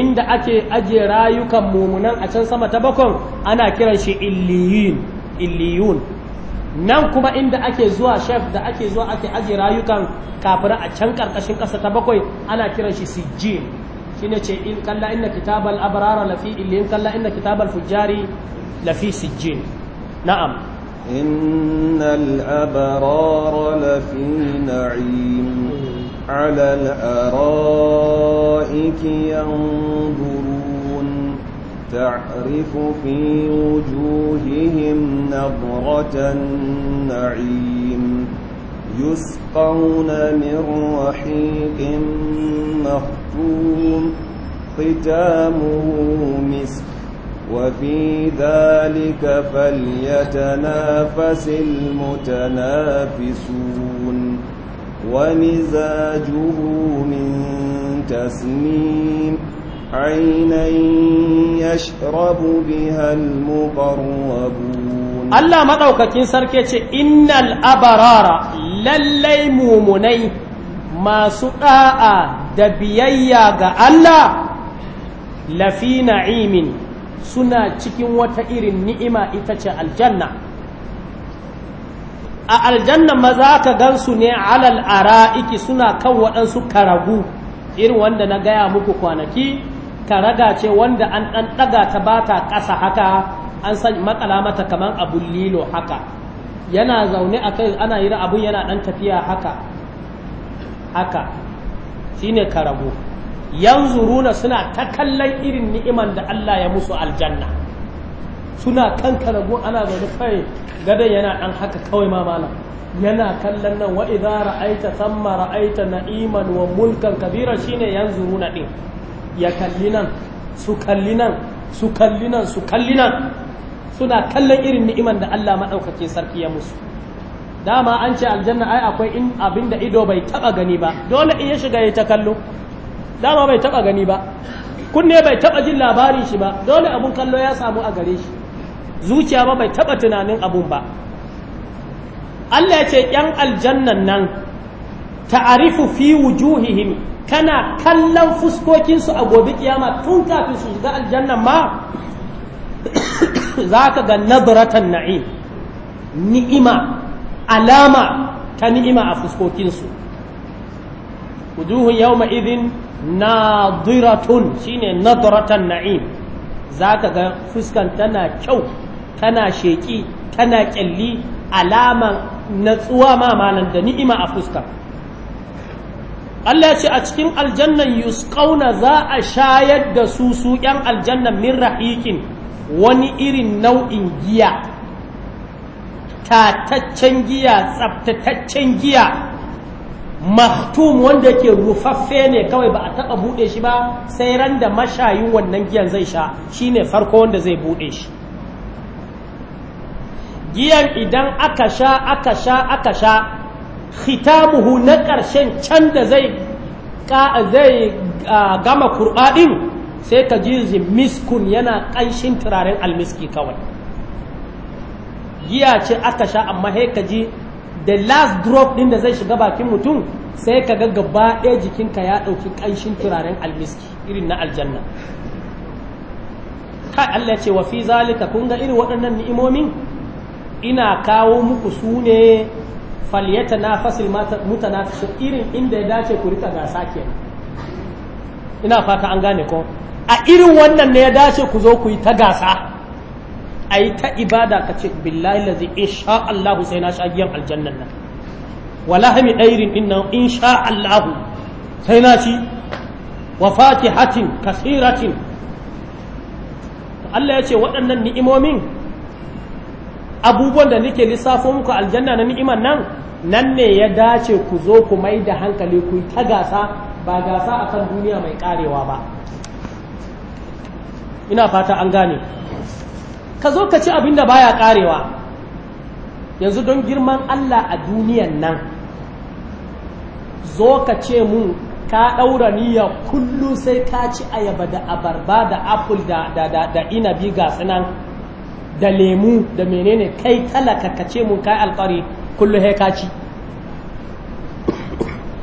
inda ake ajiye rayukan mumunan a can sama ta bakon ana kiran shi illiyun illiyun nan kuma inda ake zuwa chef da ake zuwa ake ajiye rayukan kafira a can karkashin kasa ta bakwai ana kiran shi sijjin shine ce in kalla inna kitabal abrara lafi illiyin kalla inna kitabal fujari lafi sijjin na'am إن الأبرار لفي نعيم على الأرائك ينظرون تعرف في وجوههم نظرة النعيم يسقون من رحيق مختوم ختامه مسك وفي ذلك فليتنافس المتنافسون ومزاجه من تسنيم عينا يشرب بها المقربون الله ما سركي كين innal إن الأبرار mumunai masu ما سقاء biyayya ga لفي نعيم suna cikin wata irin ni'ima ita ce aljanna a aljanna ma za ka gansu ne alal ara'iki suna kan waɗansu karagu irin wanda na gaya muku kwanaki karaga ce wanda an ɗan ɗaga ta ba ta ƙasa haka an san matsala mata kamar abun lilo haka yana zaune a kai ana yi abun yana ɗan tafiya haka haka shine karago yanzuruna suna ta kallon irin ni'iman da Allah ya musu aljanna suna kankana gun ana zaune kai gadon yana ɗan haka kawai ma malam yana kallon nan wa idza ra'aita thamma ra'aita na'iman wa mulkan kabira shine yanzuruna din ya kalli nan su kalli nan su kalli nan su kalli nan suna kallon irin ni'iman da Allah madaukake sarki ya musu dama an ce aljanna ai akwai in abinda ido bai taba gani ba dole in ya shiga ya ta kallo dama bai taba gani ba kunne bai taba jin labarin shi ba dole abun kallo ya samu a gare shi zuciya ba bai taba tunanin abun ba Allah ya ce yan aljannan nan ta'arifu fi wujuhihim kana kallon fuskokinsu a gobe kiyama tun kafin su shiga aljannan ma za ka ga nadratan na'im ni'ima alama ta ni'ima a fuskokinsu wujuhun yawma na duratun shine nadratan na'im zaka ga fuskan tana kyau tana sheki tana kyalli alaman natsuwa ma malan da ni'ima a fuska Allah ce a cikin aljannan yusqauna za a shayar da su su yan aljannan min rahiqin wani irin nau'in giya tataccen giya tsaftataccen giya mahtum wanda yake rufaffe ne kawai ba a taba bude shi ba sai ran da mashayin wannan giyan zai sha shine farko wanda zai bude shi giyan idan aka sha aka sha aka sha khitamuhu na ƙarshen can da zai gama kurbaɗin sai ka ji miskun yana ƙanshin turaren almiski kawai giya ce aka sha amma sai ka ji the last drop din da zai shiga bakin mutum sai ka ga ɗaya jikinka ya ɗauki ƙanshin turaren almiski irin na aljanna kai Allah ce wa fi zalika kun ga irin waɗannan ni'imomin ina kawo muku su ne falyata na fasil mutana irin inda ya dace ku rika gasa kenan ina fata an gane ko a irin wannan ne ya dace ku zo ku yi ta gasa a yi ta ibada ka ce billahi lazi insha Allahu sai na sha giyan aljannan nan wala ɗairin ɗin nan insha Allahu sai na ci wa fatihatin kasiratin Allah ya ce waɗannan ni'imomin abubuwan da nake lissafo muku aljanna na ni'iman nan nan ne ya dace ku zo ku mai da hankali ku ta gasa ba gasa akan duniya mai karewa ba ina fata an gane ka zo ka ci abin da baya karewa yanzu don girman Allah a duniyan nan zo ka ce mun ka ɗaura niyya kullum sai ka ci ayaba da abarba da apple da, da, da, da inabi ga tsinan da lemu da menene kai talaka ka ce mun kai alkari kullum sai ka ci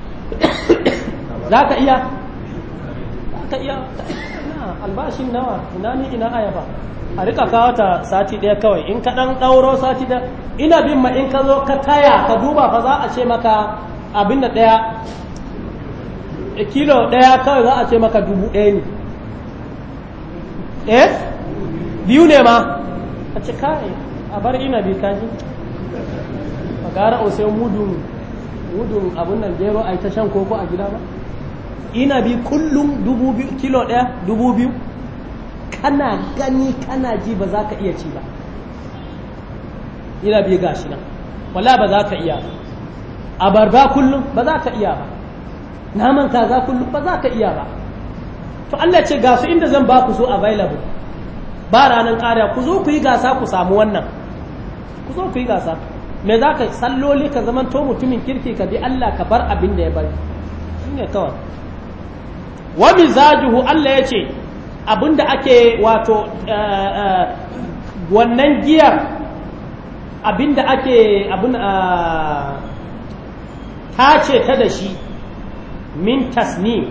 za ka iya za ka iya albashin nawa ina ni ina ayaba a rika kawo ta sati ɗaya kawai in ka ɗan ɗauro sati ɗaya ina bin ma in ka zo ka taya ka duba fa za a ce maka abin da ɗaya kilo ɗaya kawai za a ce maka dubu ɗaya ne eh biyu ne ma a ce kai a bar ina bi kaji a gara o sai mudun mudun abin nan gero a yi ta shan koko a gida ba ina bi kullum dubu biyu kilo ɗaya dubu biyu kana gani kana ji ba za ka iya ci ba ina biyu gashi nan wala ba za ka iya ba abarba kullum ba za ka iya ba naman kaza kullum ba za ka iya ba to Allah ce ga su inda zan ba ku so available ba ranar ƙara ku zo ku yi gasa ku samu wannan ku zo ku yi gasa me za ka salloli ka zaman to mutumin kirki ka bi Allah ka bar abin da ya bari shi ne kawai wa mizajuhu Allah ya ce abinda ake wato eh, eh, wannan giyar abinda ake abin eh, tace ta da shi min tasnim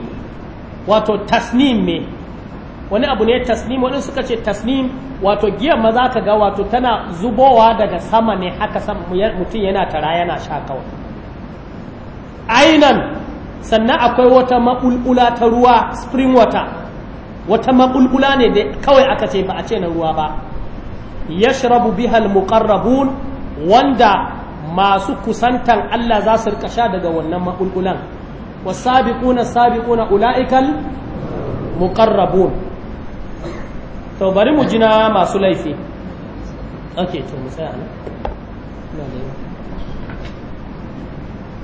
wato tasnim me wani abu ne tasnim wani suka ce tasnim wato giyar maza ka ga wato tana zubowa daga sama ne haka sama mutum yana tara yana sha kawai ainan sannan akwai wata maɓulɓula ta ruwa spring water wata maƙulƙula ne da kawai aka ce ba a ce na ruwa ba yashrabu bihal muqarrabun wanda masu kusantan Allah za su rika sha daga wannan maƙulƙulan wasabiquna sabiquna ula'ikal muqarrabun to bari mu jina masu laifi okay to mu tsaya ne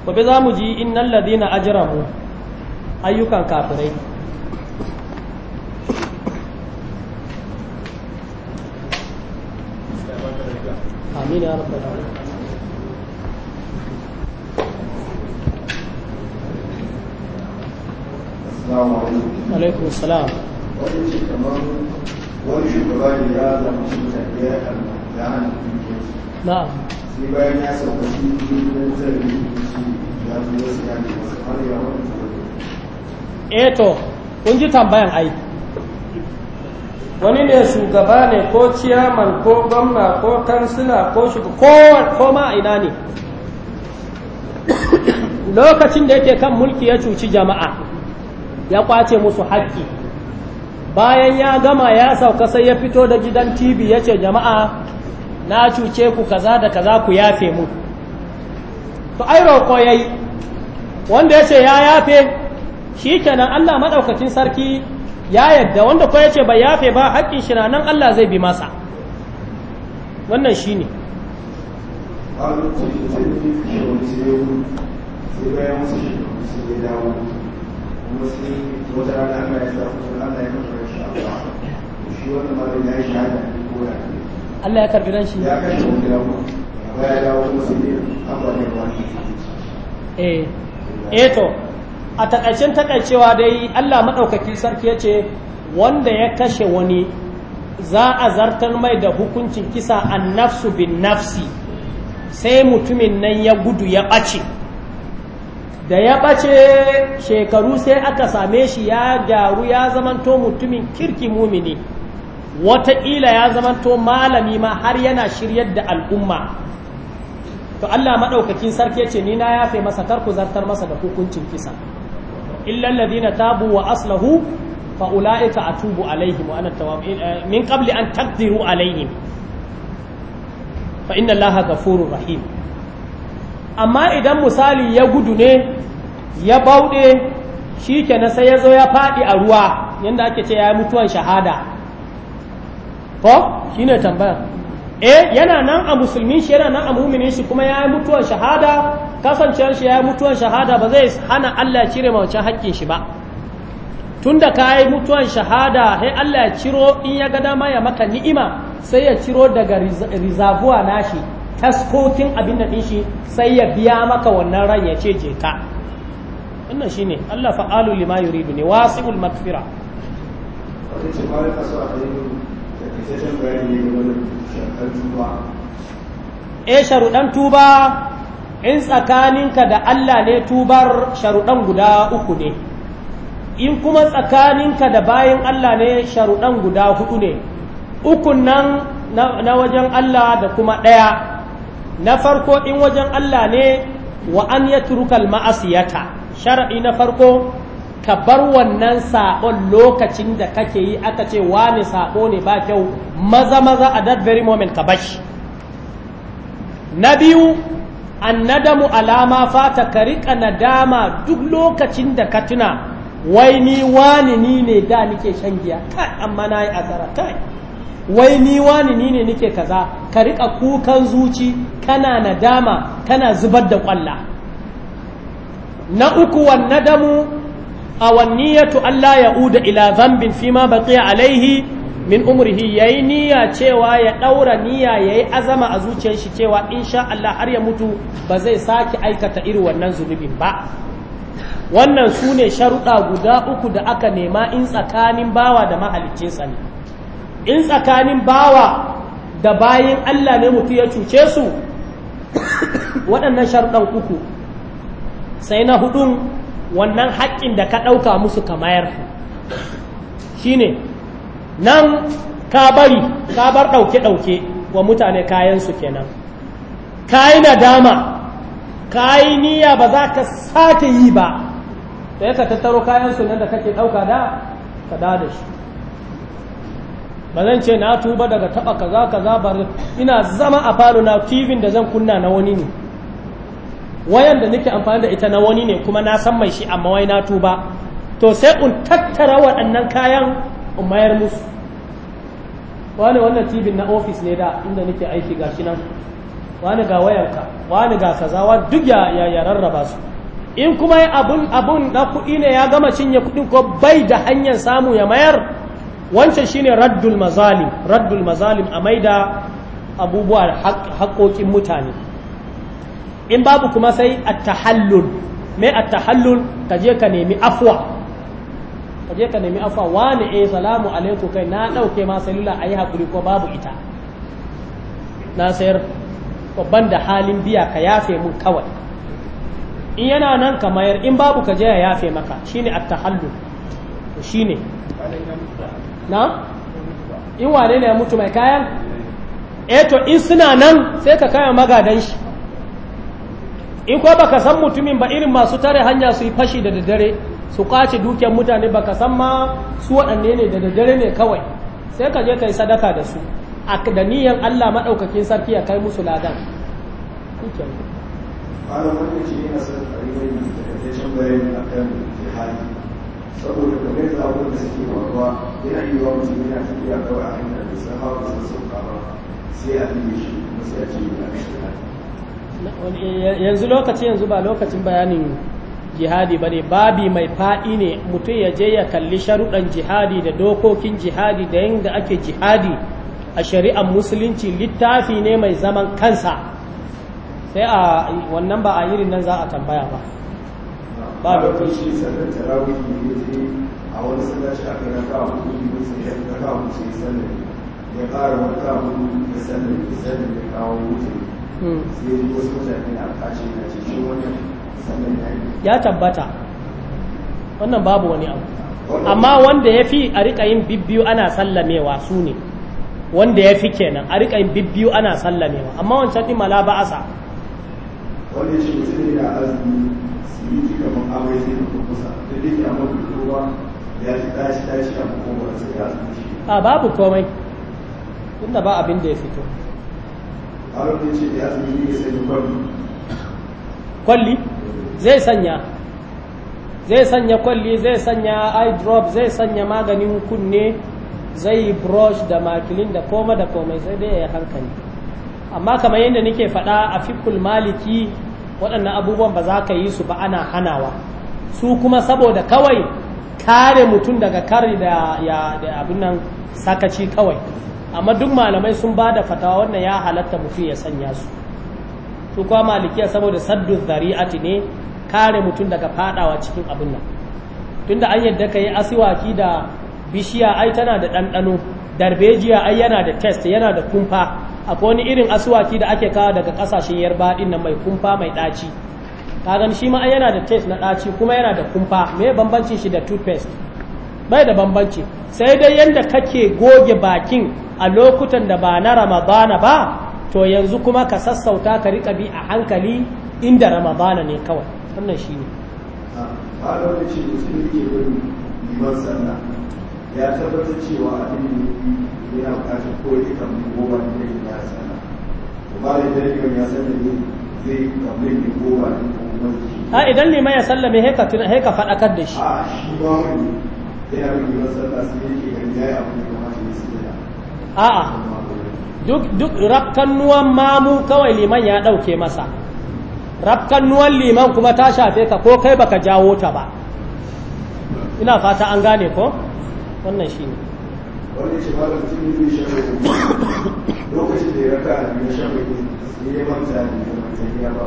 gobe za mu ji innal ladina ayyukan kafirai آمين يا رب العالمين السلام السلام wani eto kun ji tambayan aiki wani ne shugaba ne ko ciyaman ko gwamna ko kansila ko shugaba ko ma ina ne lokacin da yake kan mulki ya cuci jama'a ya kwace musu haƙƙi bayan ya gama ya sauka sai ya fito da gidan tv ya ce jama'a na cuce ku kaza da kaza ku yafe mu to ai roƙo ya yi wanda ya ce ya yafe shi kenan allah maɗaukakin sarki ya yadda wanda ko yace bai yafe ba haƙƙin shi nan Allah zai bi masa wannan shi ne. Allah ya karbi ran shi ya karbi ran shi eh eh to a takaicen takaicewa dai Allah maɗaukaki sarki ya ce wanda ya kashe wani za a zartar mai da hukuncin kisa an nafsu bin nafsi sai mutumin nan ya gudu ya ɓace da ya ɓace shekaru sai aka same shi ya gyaru ya zamanto mutumin kirki mumini wataƙila ya zamanto malami ma har yana shiryar da al'umma to Allah maɗaukakin sarki ya ce ni na yafe masa tarku zartar masa da hukuncin kisa illal ladina tabu wa aslahu fa ulaika atubu alaihim wa ana tawwab min qabli an taqdiru alaihim fa inna allaha ghafurur rahim amma idan misali ya gudu ne ya bauɗe shi ke na sai ya zo ya faɗi a ruwa yadda ake ce ya yi mutuwan shahada ko shi ne tambayar eh yana nan a musulmin shi yana nan a muminin shi kuma ya yi mutuwan shahada kasancewar shi ya yi mutuwan shahada ba zai hana Allah cire mace haƙƙin shi ba tunda ka yi mutuwan shahada sai Allah ya ciro in ya ga dama ya maka ni'ima sai ya ciro daga rizabuwa nashi taskokin abin da ɗin shi sai ya biya maka wannan ran ya ce je ka wannan shine Allah fa'alu lima yuridu ne wasi'ul magfira e sharuɗantuba. tuba eh, in tsakaninka da Allah ne tubar sharuɗan guda uku ne in kuma tsakaninka da bayan Allah ne sharuɗan guda hudu ne ukun nan na wajen Allah da kuma ɗaya na farko in wajen Allah ne wa an ya turukal ma'asiyata shara'i na farko ka bar wannan saɓon lokacin da kake yi aka ce ne saɓo ne ba kyau maza maza a that very moment ka bashi na biyu annadamu alama fata ka riƙa nadama duk lokacin da ka tuna wai ni wani ni ne da nike shan giya kai amma na yi kai wai ni wani ni ne nike kaza ka riƙa kukan zuci kana nadama kana zubar da ƙwalla na uku wannadamu nadamu awanniyatu Allah ya'uda ila zambin fima baqiya alaihi min umrihi yayi niyya cewa ya daura niyya yayi azama a zuciyar shi cewa insha Allah har ya mutu ba zai sake aikata irin wannan zunubin ba wannan sune ne sharuɗa guda uku da aka nema in tsakanin bawa da mahaliccinsa ne in tsakanin bawa da bayin Allah ne mutu ya cuce su waɗannan sharuɗan uku sai na hudun wannan haƙƙin da ka ɗauka musu ka mayar shine nan ka bari ka bar ɗauke-ɗauke wa mutane kayansu kenan ka yi nadama ka yi niyya ba za ka sake yi ba da ka tattaro kayansu nan da kake ɗauka da ka da da shi ba zan ce na tuba daga taɓa kaza kaza ba ina zama a falo na tv da zan kunna na wani ne wayan da nake amfani da ita na wani ne kuma na san mai shi amma wai na tuba to sai in tattara waɗannan kayan in mayar musu wani wannan tibin na ofis ne da inda nake aiki ga shi nan wani ga wayarka wani ga kaza duk ya ya rarraba su in kuma abun abun na kuɗi ne ya gama cinye kuɗin ko bai da hanyar samu ya mayar wancan shine raddul mazalim raddul mazalim a maida abubuwa haƙoƙin mutane in babu kuma sai at-tahallul me at-tahallul ka je ka nemi afwa ka je ka nemi afa ne eh salamu alaikum kai na dauke ma salula ayi hakuri ko babu ita na sayar babban da halin biya ka yafe mun kawai in yana nan ka mayar in babu ka je ya yafe maka shine at-tahallul to shine na in wane ne ya mutu mai kayan eh to in suna nan sai ka kai magadan shi in ko baka san mutumin ba irin masu tare hanya su yi fashi da daddare su kwace dukiyar mutane baka san ma su waɗanne ne da daddare ne kawai sai ka je ka yi sadaka da su a da niyan Allah maɗaukakin sarki ya kai musu ladan saboda kamar yadda abin da suke faruwa yana yi wa mutum yana tafiya kawai a hanyar da sun hawa sun sauka ba sai a biye shi kuma sai a ce yana yanzu lokaci yanzu ba lokacin bayanin jihadi ba ne babi mai fadi ne mutum ya je ya kalli sharuɗan jihadi da dokokin jihadi da yadda ake jihadi a shari'ar musulunci littafi ne mai zaman kansa sai a wannan ba a irin nan za a tambaya ba ba da shi sannan tarawih ne a wani sallaci kan raka a hudu sai ya raka a hudu sai sannan ya fara wata mu ya sannan da sannan ya kawo hudu hmm. sai wasu mutane a kashe na ce shi wannan ya tabbata wannan babu wani abu amma wanda ya fi a riƙa yin bibbiyu ana sallamewa su ne wanda ya fi kenan a riƙa yin bibbiyu ana sallamewa amma wancan ɗin mala ba asa wanda ya ce mutum yana azumi su yi ji kamar amai sai da kusa da dai ke amma fitowa ya fi tashi tashi a kuma wani sai ya azumi shi a babu komai tunda ba abin da ya fito a wanda ce ya azumi ne sai da kwalli kwalli zai sanya zai sanya kwalli zai sanya eye drop zai sanya maganin kunne zai brush da makilin da koma da komai sai dai ya hankali amma kamar yadda nake faɗa a fikul maliki waɗannan abubuwan ba za ka yi su ba ana hanawa su kuma saboda kawai kare mutum daga kare da abin nan sakaci kawai amma duk malamai sun ba da fatawa wannan ya halatta mutum ya sanya su su kuma malikiya saboda saddu zari'ati ne kare mutum daga fadawa cikin abin nan tunda an yadda ka yi asiwaki da bishiya ai tana da ɗanɗano darbejiya ai yana da test yana da kumfa akwai wani irin asiwaki da ake kawo daga ƙasashen 'yar ɗin nan mai kumfa mai ɗaci ka gani shi ma ai yana da test na ɗaci kuma yana da kumfa me bambancin shi da toothpaste bai da bambanci sai dai yadda kake goge bakin a lokutan da ba na ramadana ba to yanzu kuma ka sassauta ka riƙa bi a hankali inda ramadana ne kawai wannan shi ne ba da wani ce musulmi ke bin liman sallah ya tabbatar cewa abin da yana bukatar kowai ita goma da ya gina sallah to ba da idan liman ya sanya ne zai kamar ne goma da kuma a idan liman ya sallame sai ka faɗakar da shi a shi ba wani yana bin liman sallah sai yake gani ya yi abin da ya shi ne sallah a'a duk duk rakkanuwan mamu kawai liman ya ɗauke masa rafkannuwan liman kuma ta shafe ka ko kai baka jawo ta ba ina fata an gane ko wannan shi ne wanda shi ba da mutum yi lokacin da ya raka da mai shafi sai ya manta da mai tafiya ba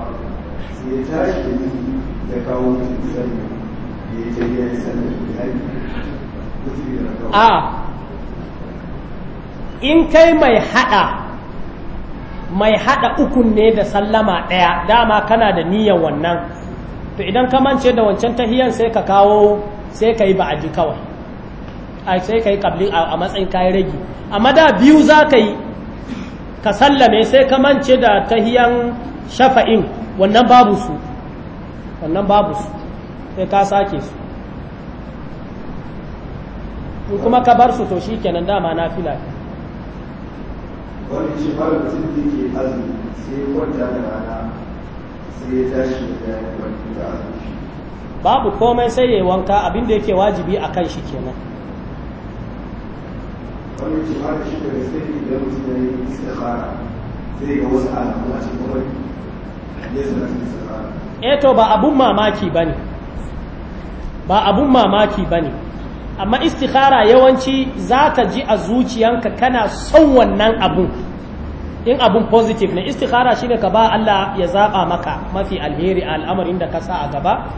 sai ya tashi da yi da kawo mutum sannan da ya tafiya ya yi sannan da ya yi a in kai mai haɗa. mai haɗa ukun ne da sallama ɗaya dama kana da niyyar wannan to idan ka mance da wancan tahiyan sai ka kawo sai ka yi ba'adi kawai a sai ka yi kabli a matsayin kayan ragi amma da biyu za ka yi ka sallame sai ka mance da tahiyan shafa'in wannan babu su wannan babu su sai ka sake su in kuma ka bar su to shi kenan dama na fila wani ce fara mutum da ke azumi sai kwanta da rana sai ya tashi da ya kwanta da azumi babu komai sai ya yi wanka abin da yake wajibi a kan shi kenan wani ce fara shi daga sai idan mutum ya yi istikhara sai ga wasu alamu a cikin wani ya zama istikhara eh to ba abun mamaki ba ne ba abun mamaki ba ne amma istikhara yawanci za ta ji a zuciyanka kana son wannan abun in abun positive ne istikhara shine ka ba Allah ya zaɓa maka mafi alheri a al'amarin da ka sa a gaba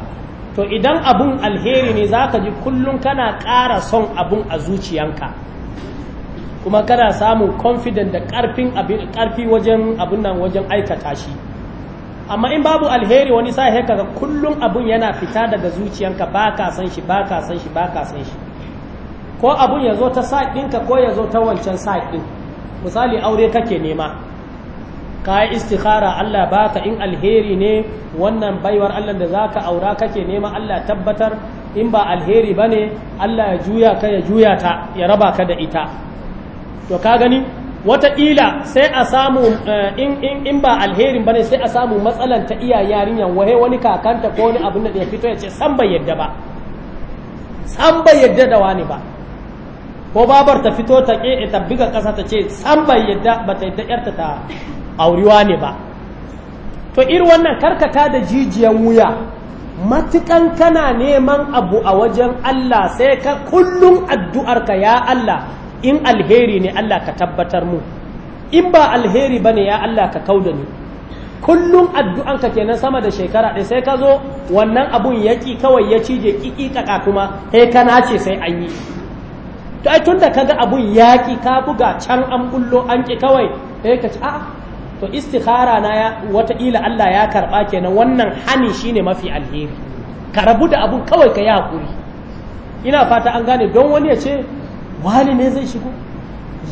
to idan abun alheri ne za ka ji kullum kana ƙara son abun a zuciyanka kuma kana samun confident da ƙarfin ƙarfi wajen abun nan wajen aikata shi amma in babu alheri wani sa kaga kullum abun yana fita daga zuciyanka ba ka san shi ba ka san shi ba ka san shi ko abun ya zo ta saƙinka ko ya zo ta wancan ɗin misali aure kake nema ka yi istikhara Allah baka in alheri ne wannan baiwar Allah da zaka aura kake nema Allah tabbatar in ba alheri bane Allah ya juya ka ya juya ta ya raba ka da ita to ka gani wataƙila sai a samu eh, in, in ba alherin bane sai a samu matsalan ta iya yarinyan wahe wani kakanta ko wani abin da ya fito ya ce san yadda ba san bai yadda da wani ba ko babar ta fito ta ke ta biga ƙasa ta ce san bai yadda ba ta yadda yarta ta auriwa ne ba to irin wannan karkata da jijiyan wuya matukan kana neman abu a wajen Allah sai ka kullum addu'arka ya Allah in alheri ne Allah ka tabbatar mu in ba alheri bane ya Allah ka kauda ni kullum addu'anka kenan sama da shekara ɗaya sai ka zo wannan abun yaƙi kawai ya cije ƙaƙa kuma sai ka nace sai an yi to ai tunda kaga abun yaki ka buga can an bullo an ki kawai da ka ci a'a to istikhara na ya wataƙila Allah ya karɓa kenan wannan hani shine mafi alheri ka rabu da abun kawai ka yi hakuri ina fata an gane don wani ya ce wani ne zai shigo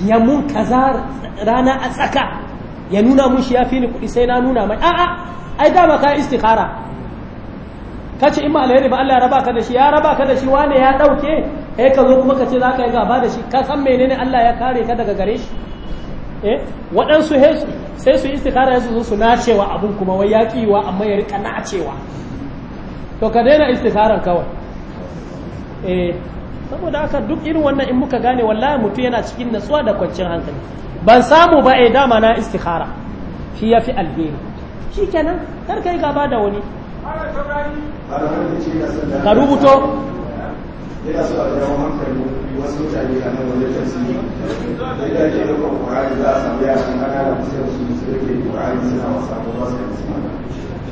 ya mun kaza rana a tsaka ya nuna mun shi ya fi ni kuɗi sai na nuna mai a'a ai dama ka istikhara kace in ba alheri ba Allah ya raba ka da shi ya raba ka da shi wane ya dauke eh ka zo kuma ka ce zaka yi gaba da shi ka san menene Allah ya kare ka daga gare shi eh waɗansu sai su istikara su zo su nacewa abun kuma wai ya kiwa amma ya rika nacewa to ka daina istikaran kawai eh saboda haka duk irin wannan in muka gane wallahi mutum yana cikin natsuwa da kwanciyar hankali ban samu ba eh dama na istikhara shi yafi alheri shikenan kar kai gaba da wani ka rubuto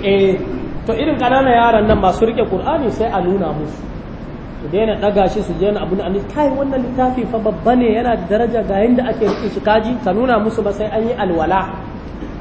eh, to irin ƙananan yaran nan masu rike kur'ani sai a nuna musu su daina ɗaga shi su daina abu na kai wannan littafi fa babba ne yana da daraja ga yadda ake rike shi kaji ka nuna musu ba sai an yi alwala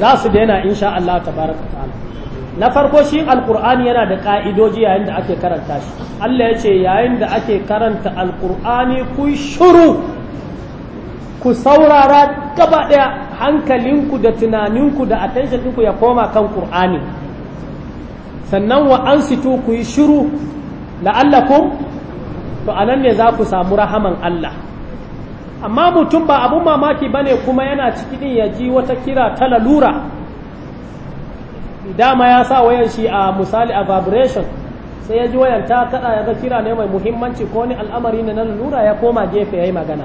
za su daina insha Allah tabaraka ta'ala na farko shi alqur'ani yana da ka'idoji yayin da ake karanta shi Allah ya ce yayin da ake karanta alqur'ani ku shuru ku saurara gaba daya hankalinku da tunaninku da attention ɗinku ya koma kan qur'ani sannan wa an situ ku yi shiru la'allakum to anan ne za ku samu rahaman Allah amma mutum ba abun mamaki ba ne kuma yana ciki din ya ji wata kira ta lalura dama ya sa wayan shi a misali a vibration sai ya ji wayan ta kada ya ga kira ne mai muhimmanci ko ni al'amari ne na lalura ya koma gefe ya yi magana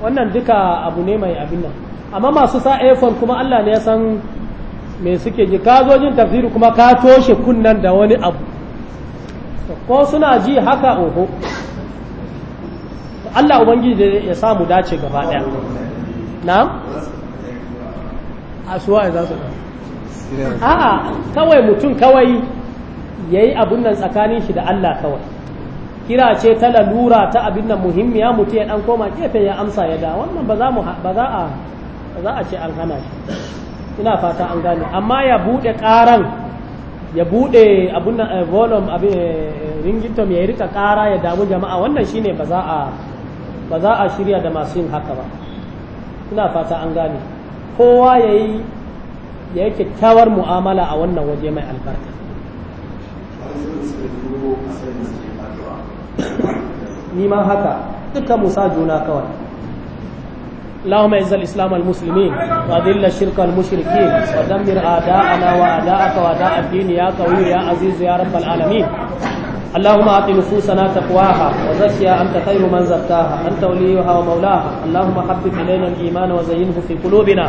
wannan duka abu ne mai abin nan amma masu sa iphone kuma allah ne ya san me suke ji ka zo jin tafsiri kuma ka toshe kunnan da wani abu ko suna ji haka oho Allah ubangiji ya samu dace gaba ɗaya. Na? a suwa ya za su a'a kawai mutum kawai ya yi abin nan tsakanin shi da Allah kawai kira ce ta lalura ta abin nan muhimmi ya mutu ya ɗan koma kefe ya amsa ya da wannan ba za a ce an hana shi ina fata an gane amma ya buɗe ƙaran ya buɗe abin nan eh, volume abin eh, ringitom ya yi rika ƙara ya damu jama'a wannan shine ba za a ba za a shirya da masu yin haka ba ina fata an gane kowa ya yi ya yi kyakkyawar mu'amala a wannan waje mai albarka ni ma haka dukkan musa juna kawai اللهم اعز الاسلام المسلمين واذل الشرك المشركين ودمر اعداءنا واعداءك واعداء الدين يا قوي يا عزيز يا رب العالمين اللهم آت نفوسنا تقواها وزكها أنت خير من زكاها أنت وليها ومولاها اللهم حبب إلينا الإيمان وزينه في قلوبنا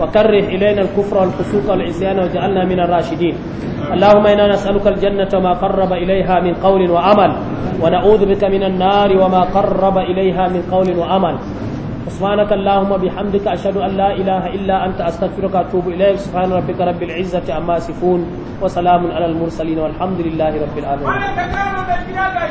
وكره إلينا الكفر والفسوق والعصيان واجعلنا من الراشدين اللهم إنا نسألك الجنة وما قرب إليها من قول وعمل ونعوذ بك من النار وما قرب إليها من قول وعمل سبحانك اللهم بحمدك أشهد أن لا إله إلا أنت أستغفرك وأتوب إليك سبحان ربك رب العزة عما يصفون وسلام على المرسلين والحمد لله رب العالمين